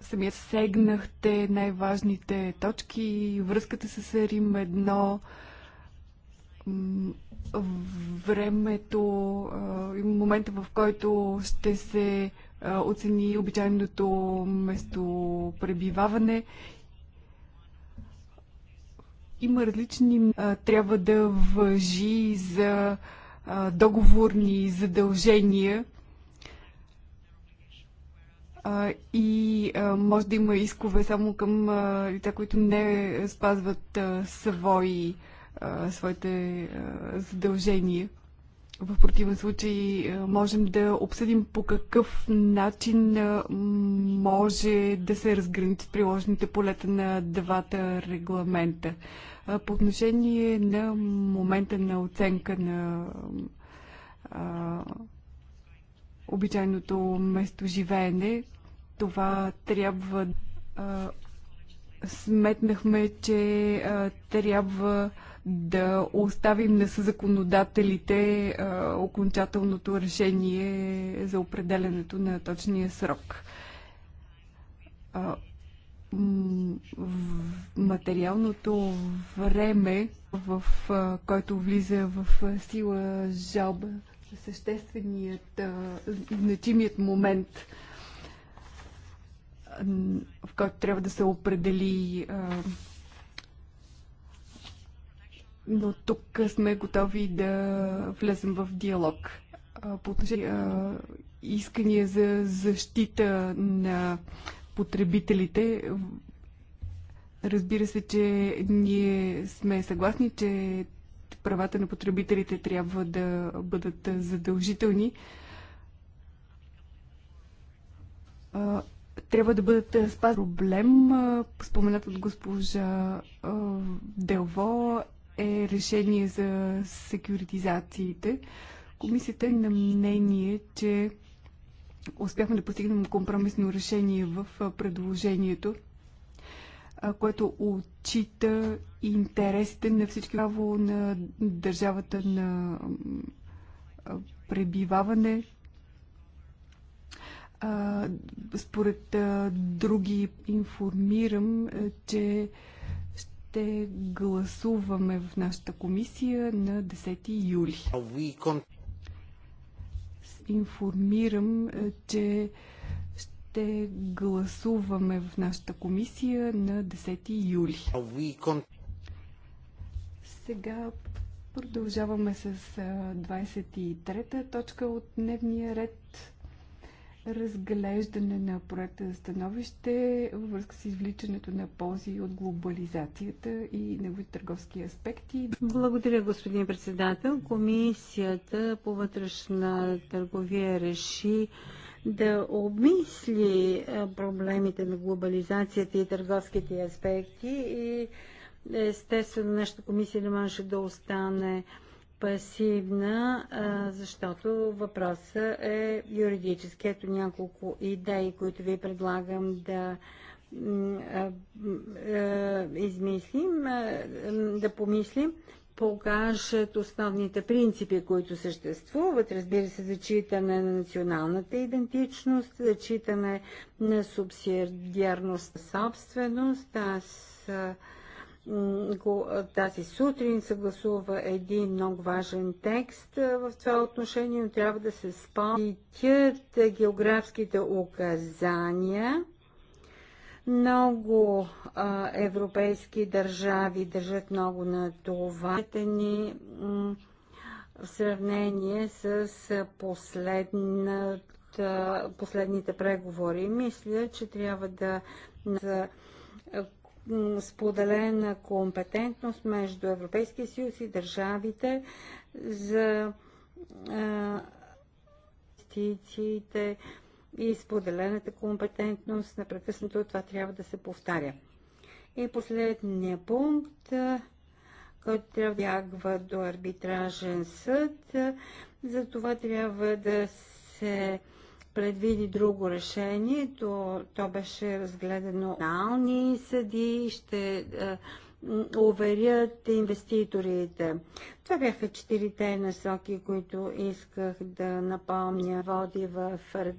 Самият сегнахте най-важните точки, връзката с Рим едно, времето, момента в който ще се оцени обичайното местопребиваване има различни... Трябва да въжи за договорни задължения и може да има искове само към лица, които не спазват свои, своите задължения. В противен случай е, можем да обсъдим по какъв начин е, може да се разграничат приложените полета на двата регламента. Е, по отношение на момента на оценка на а, обичайното местоживеене, това трябва. А, сметнахме, че а, трябва а, да оставим на законодателите а, окончателното решение за определенето на точния срок. А, материалното време, в който влиза в сила жалба, същественият, значимият момент, в който трябва да се определи а, но тук сме готови да влезем в диалог. По отношение искания за защита на потребителите, разбира се, че ние сме съгласни, че правата на потребителите трябва да бъдат задължителни. Трябва да бъдат спаз проблем, споменат от госпожа Делво, е решение за секюритизациите. Комисията е на мнение, че успяхме да постигнем компромисно решение в предложението, което отчита интересите на всички право на държавата на пребиваване, според други информирам, е, че ще гласуваме в нашата комисия на 10 юли. Информирам, е, че ще гласуваме в нашата комисия на 10 юли. Сега продължаваме с 23-та е, точка от дневния ред разглеждане на проекта за становище във връзка с извличането на ползи от глобализацията и неговите търговски аспекти. Благодаря, господин председател. Комисията по вътрешна търговия реши да обмисли проблемите на глобализацията и търговските аспекти и естествено нашата комисия не може да остане пасивна, защото въпросът е юридически. Ето няколко идеи, които ви предлагам да измислим, да помислим, покажат основните принципи, които съществуват. Разбира се, зачитане на националната идентичност, зачитане на субсидиарност, собственост. Аз тази сутрин се гласува един много важен текст в това отношение, но трябва да се спомнят географските указания. Много а, европейски държави държат много на това. Ни, в сравнение с последните преговори. Мисля, че трябва да споделена компетентност между Европейския съюз и държавите за инвестициите и споделената компетентност. Непрекъснато това трябва да се повтаря. И последния пункт, който трябва да бягва до арбитражен съд, за това трябва да се предвиди друго решение. То, то беше разгледано нални съди, ще е, уверят инвеститорите. Това бяха четирите насоки, които исках да напомня води в е,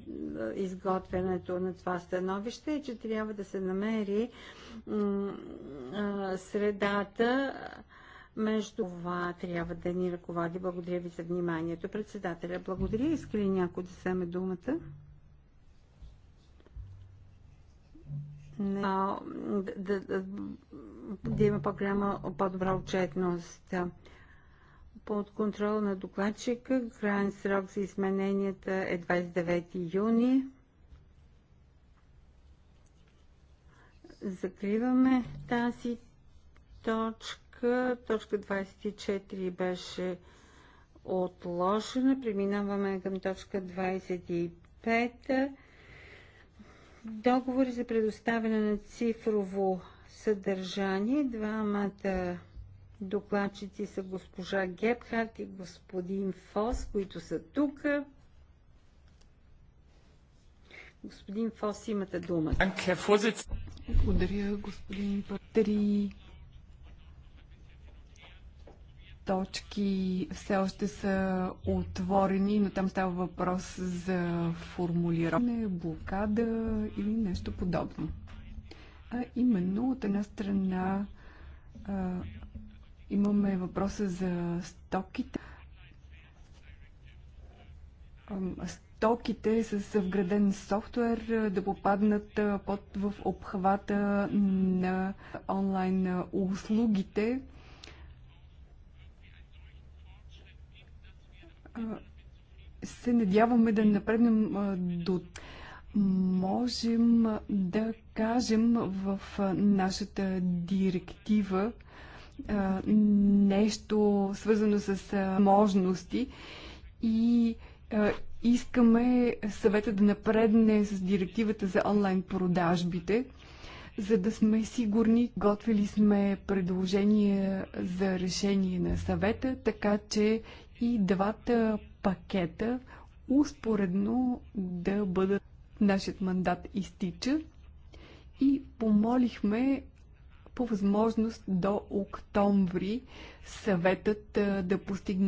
изготвянето на това становище че трябва да се намери е, средата между това трябва да ни ръководи. Благодаря ви за вниманието. Председателя, благодаря. Иска ли някой да вземе думата? Не. А, да, да, да има по-голяма, по-добра отчетност. Под контрол на докладчика, крайен срок за измененията е 29 юни. Закриваме тази точка Точка 24 беше отложена. Преминаваме към точка 25. Договори за предоставяне на цифрово съдържание. Двамата докладчици са госпожа Гепхарт и господин Фос, които са тук. Господин Фос, имате думата. Благодаря, господин Патри точки все още са отворени, но там става въпрос за формулиране, блокада или нещо подобно. А именно, от една страна а, имаме въпроса за стоките. Стоките с вграден софтуер да попаднат под, в обхвата на онлайн услугите се надяваме да напреднем до можем да кажем в нашата директива нещо свързано с можности и искаме съвета да напредне с директивата за онлайн продажбите, за да сме сигурни, готвили сме предложение за решение на съвета, така че и двата пакета успоредно да бъдат нашият мандат изтича и помолихме по възможност до октомври съветът да постигне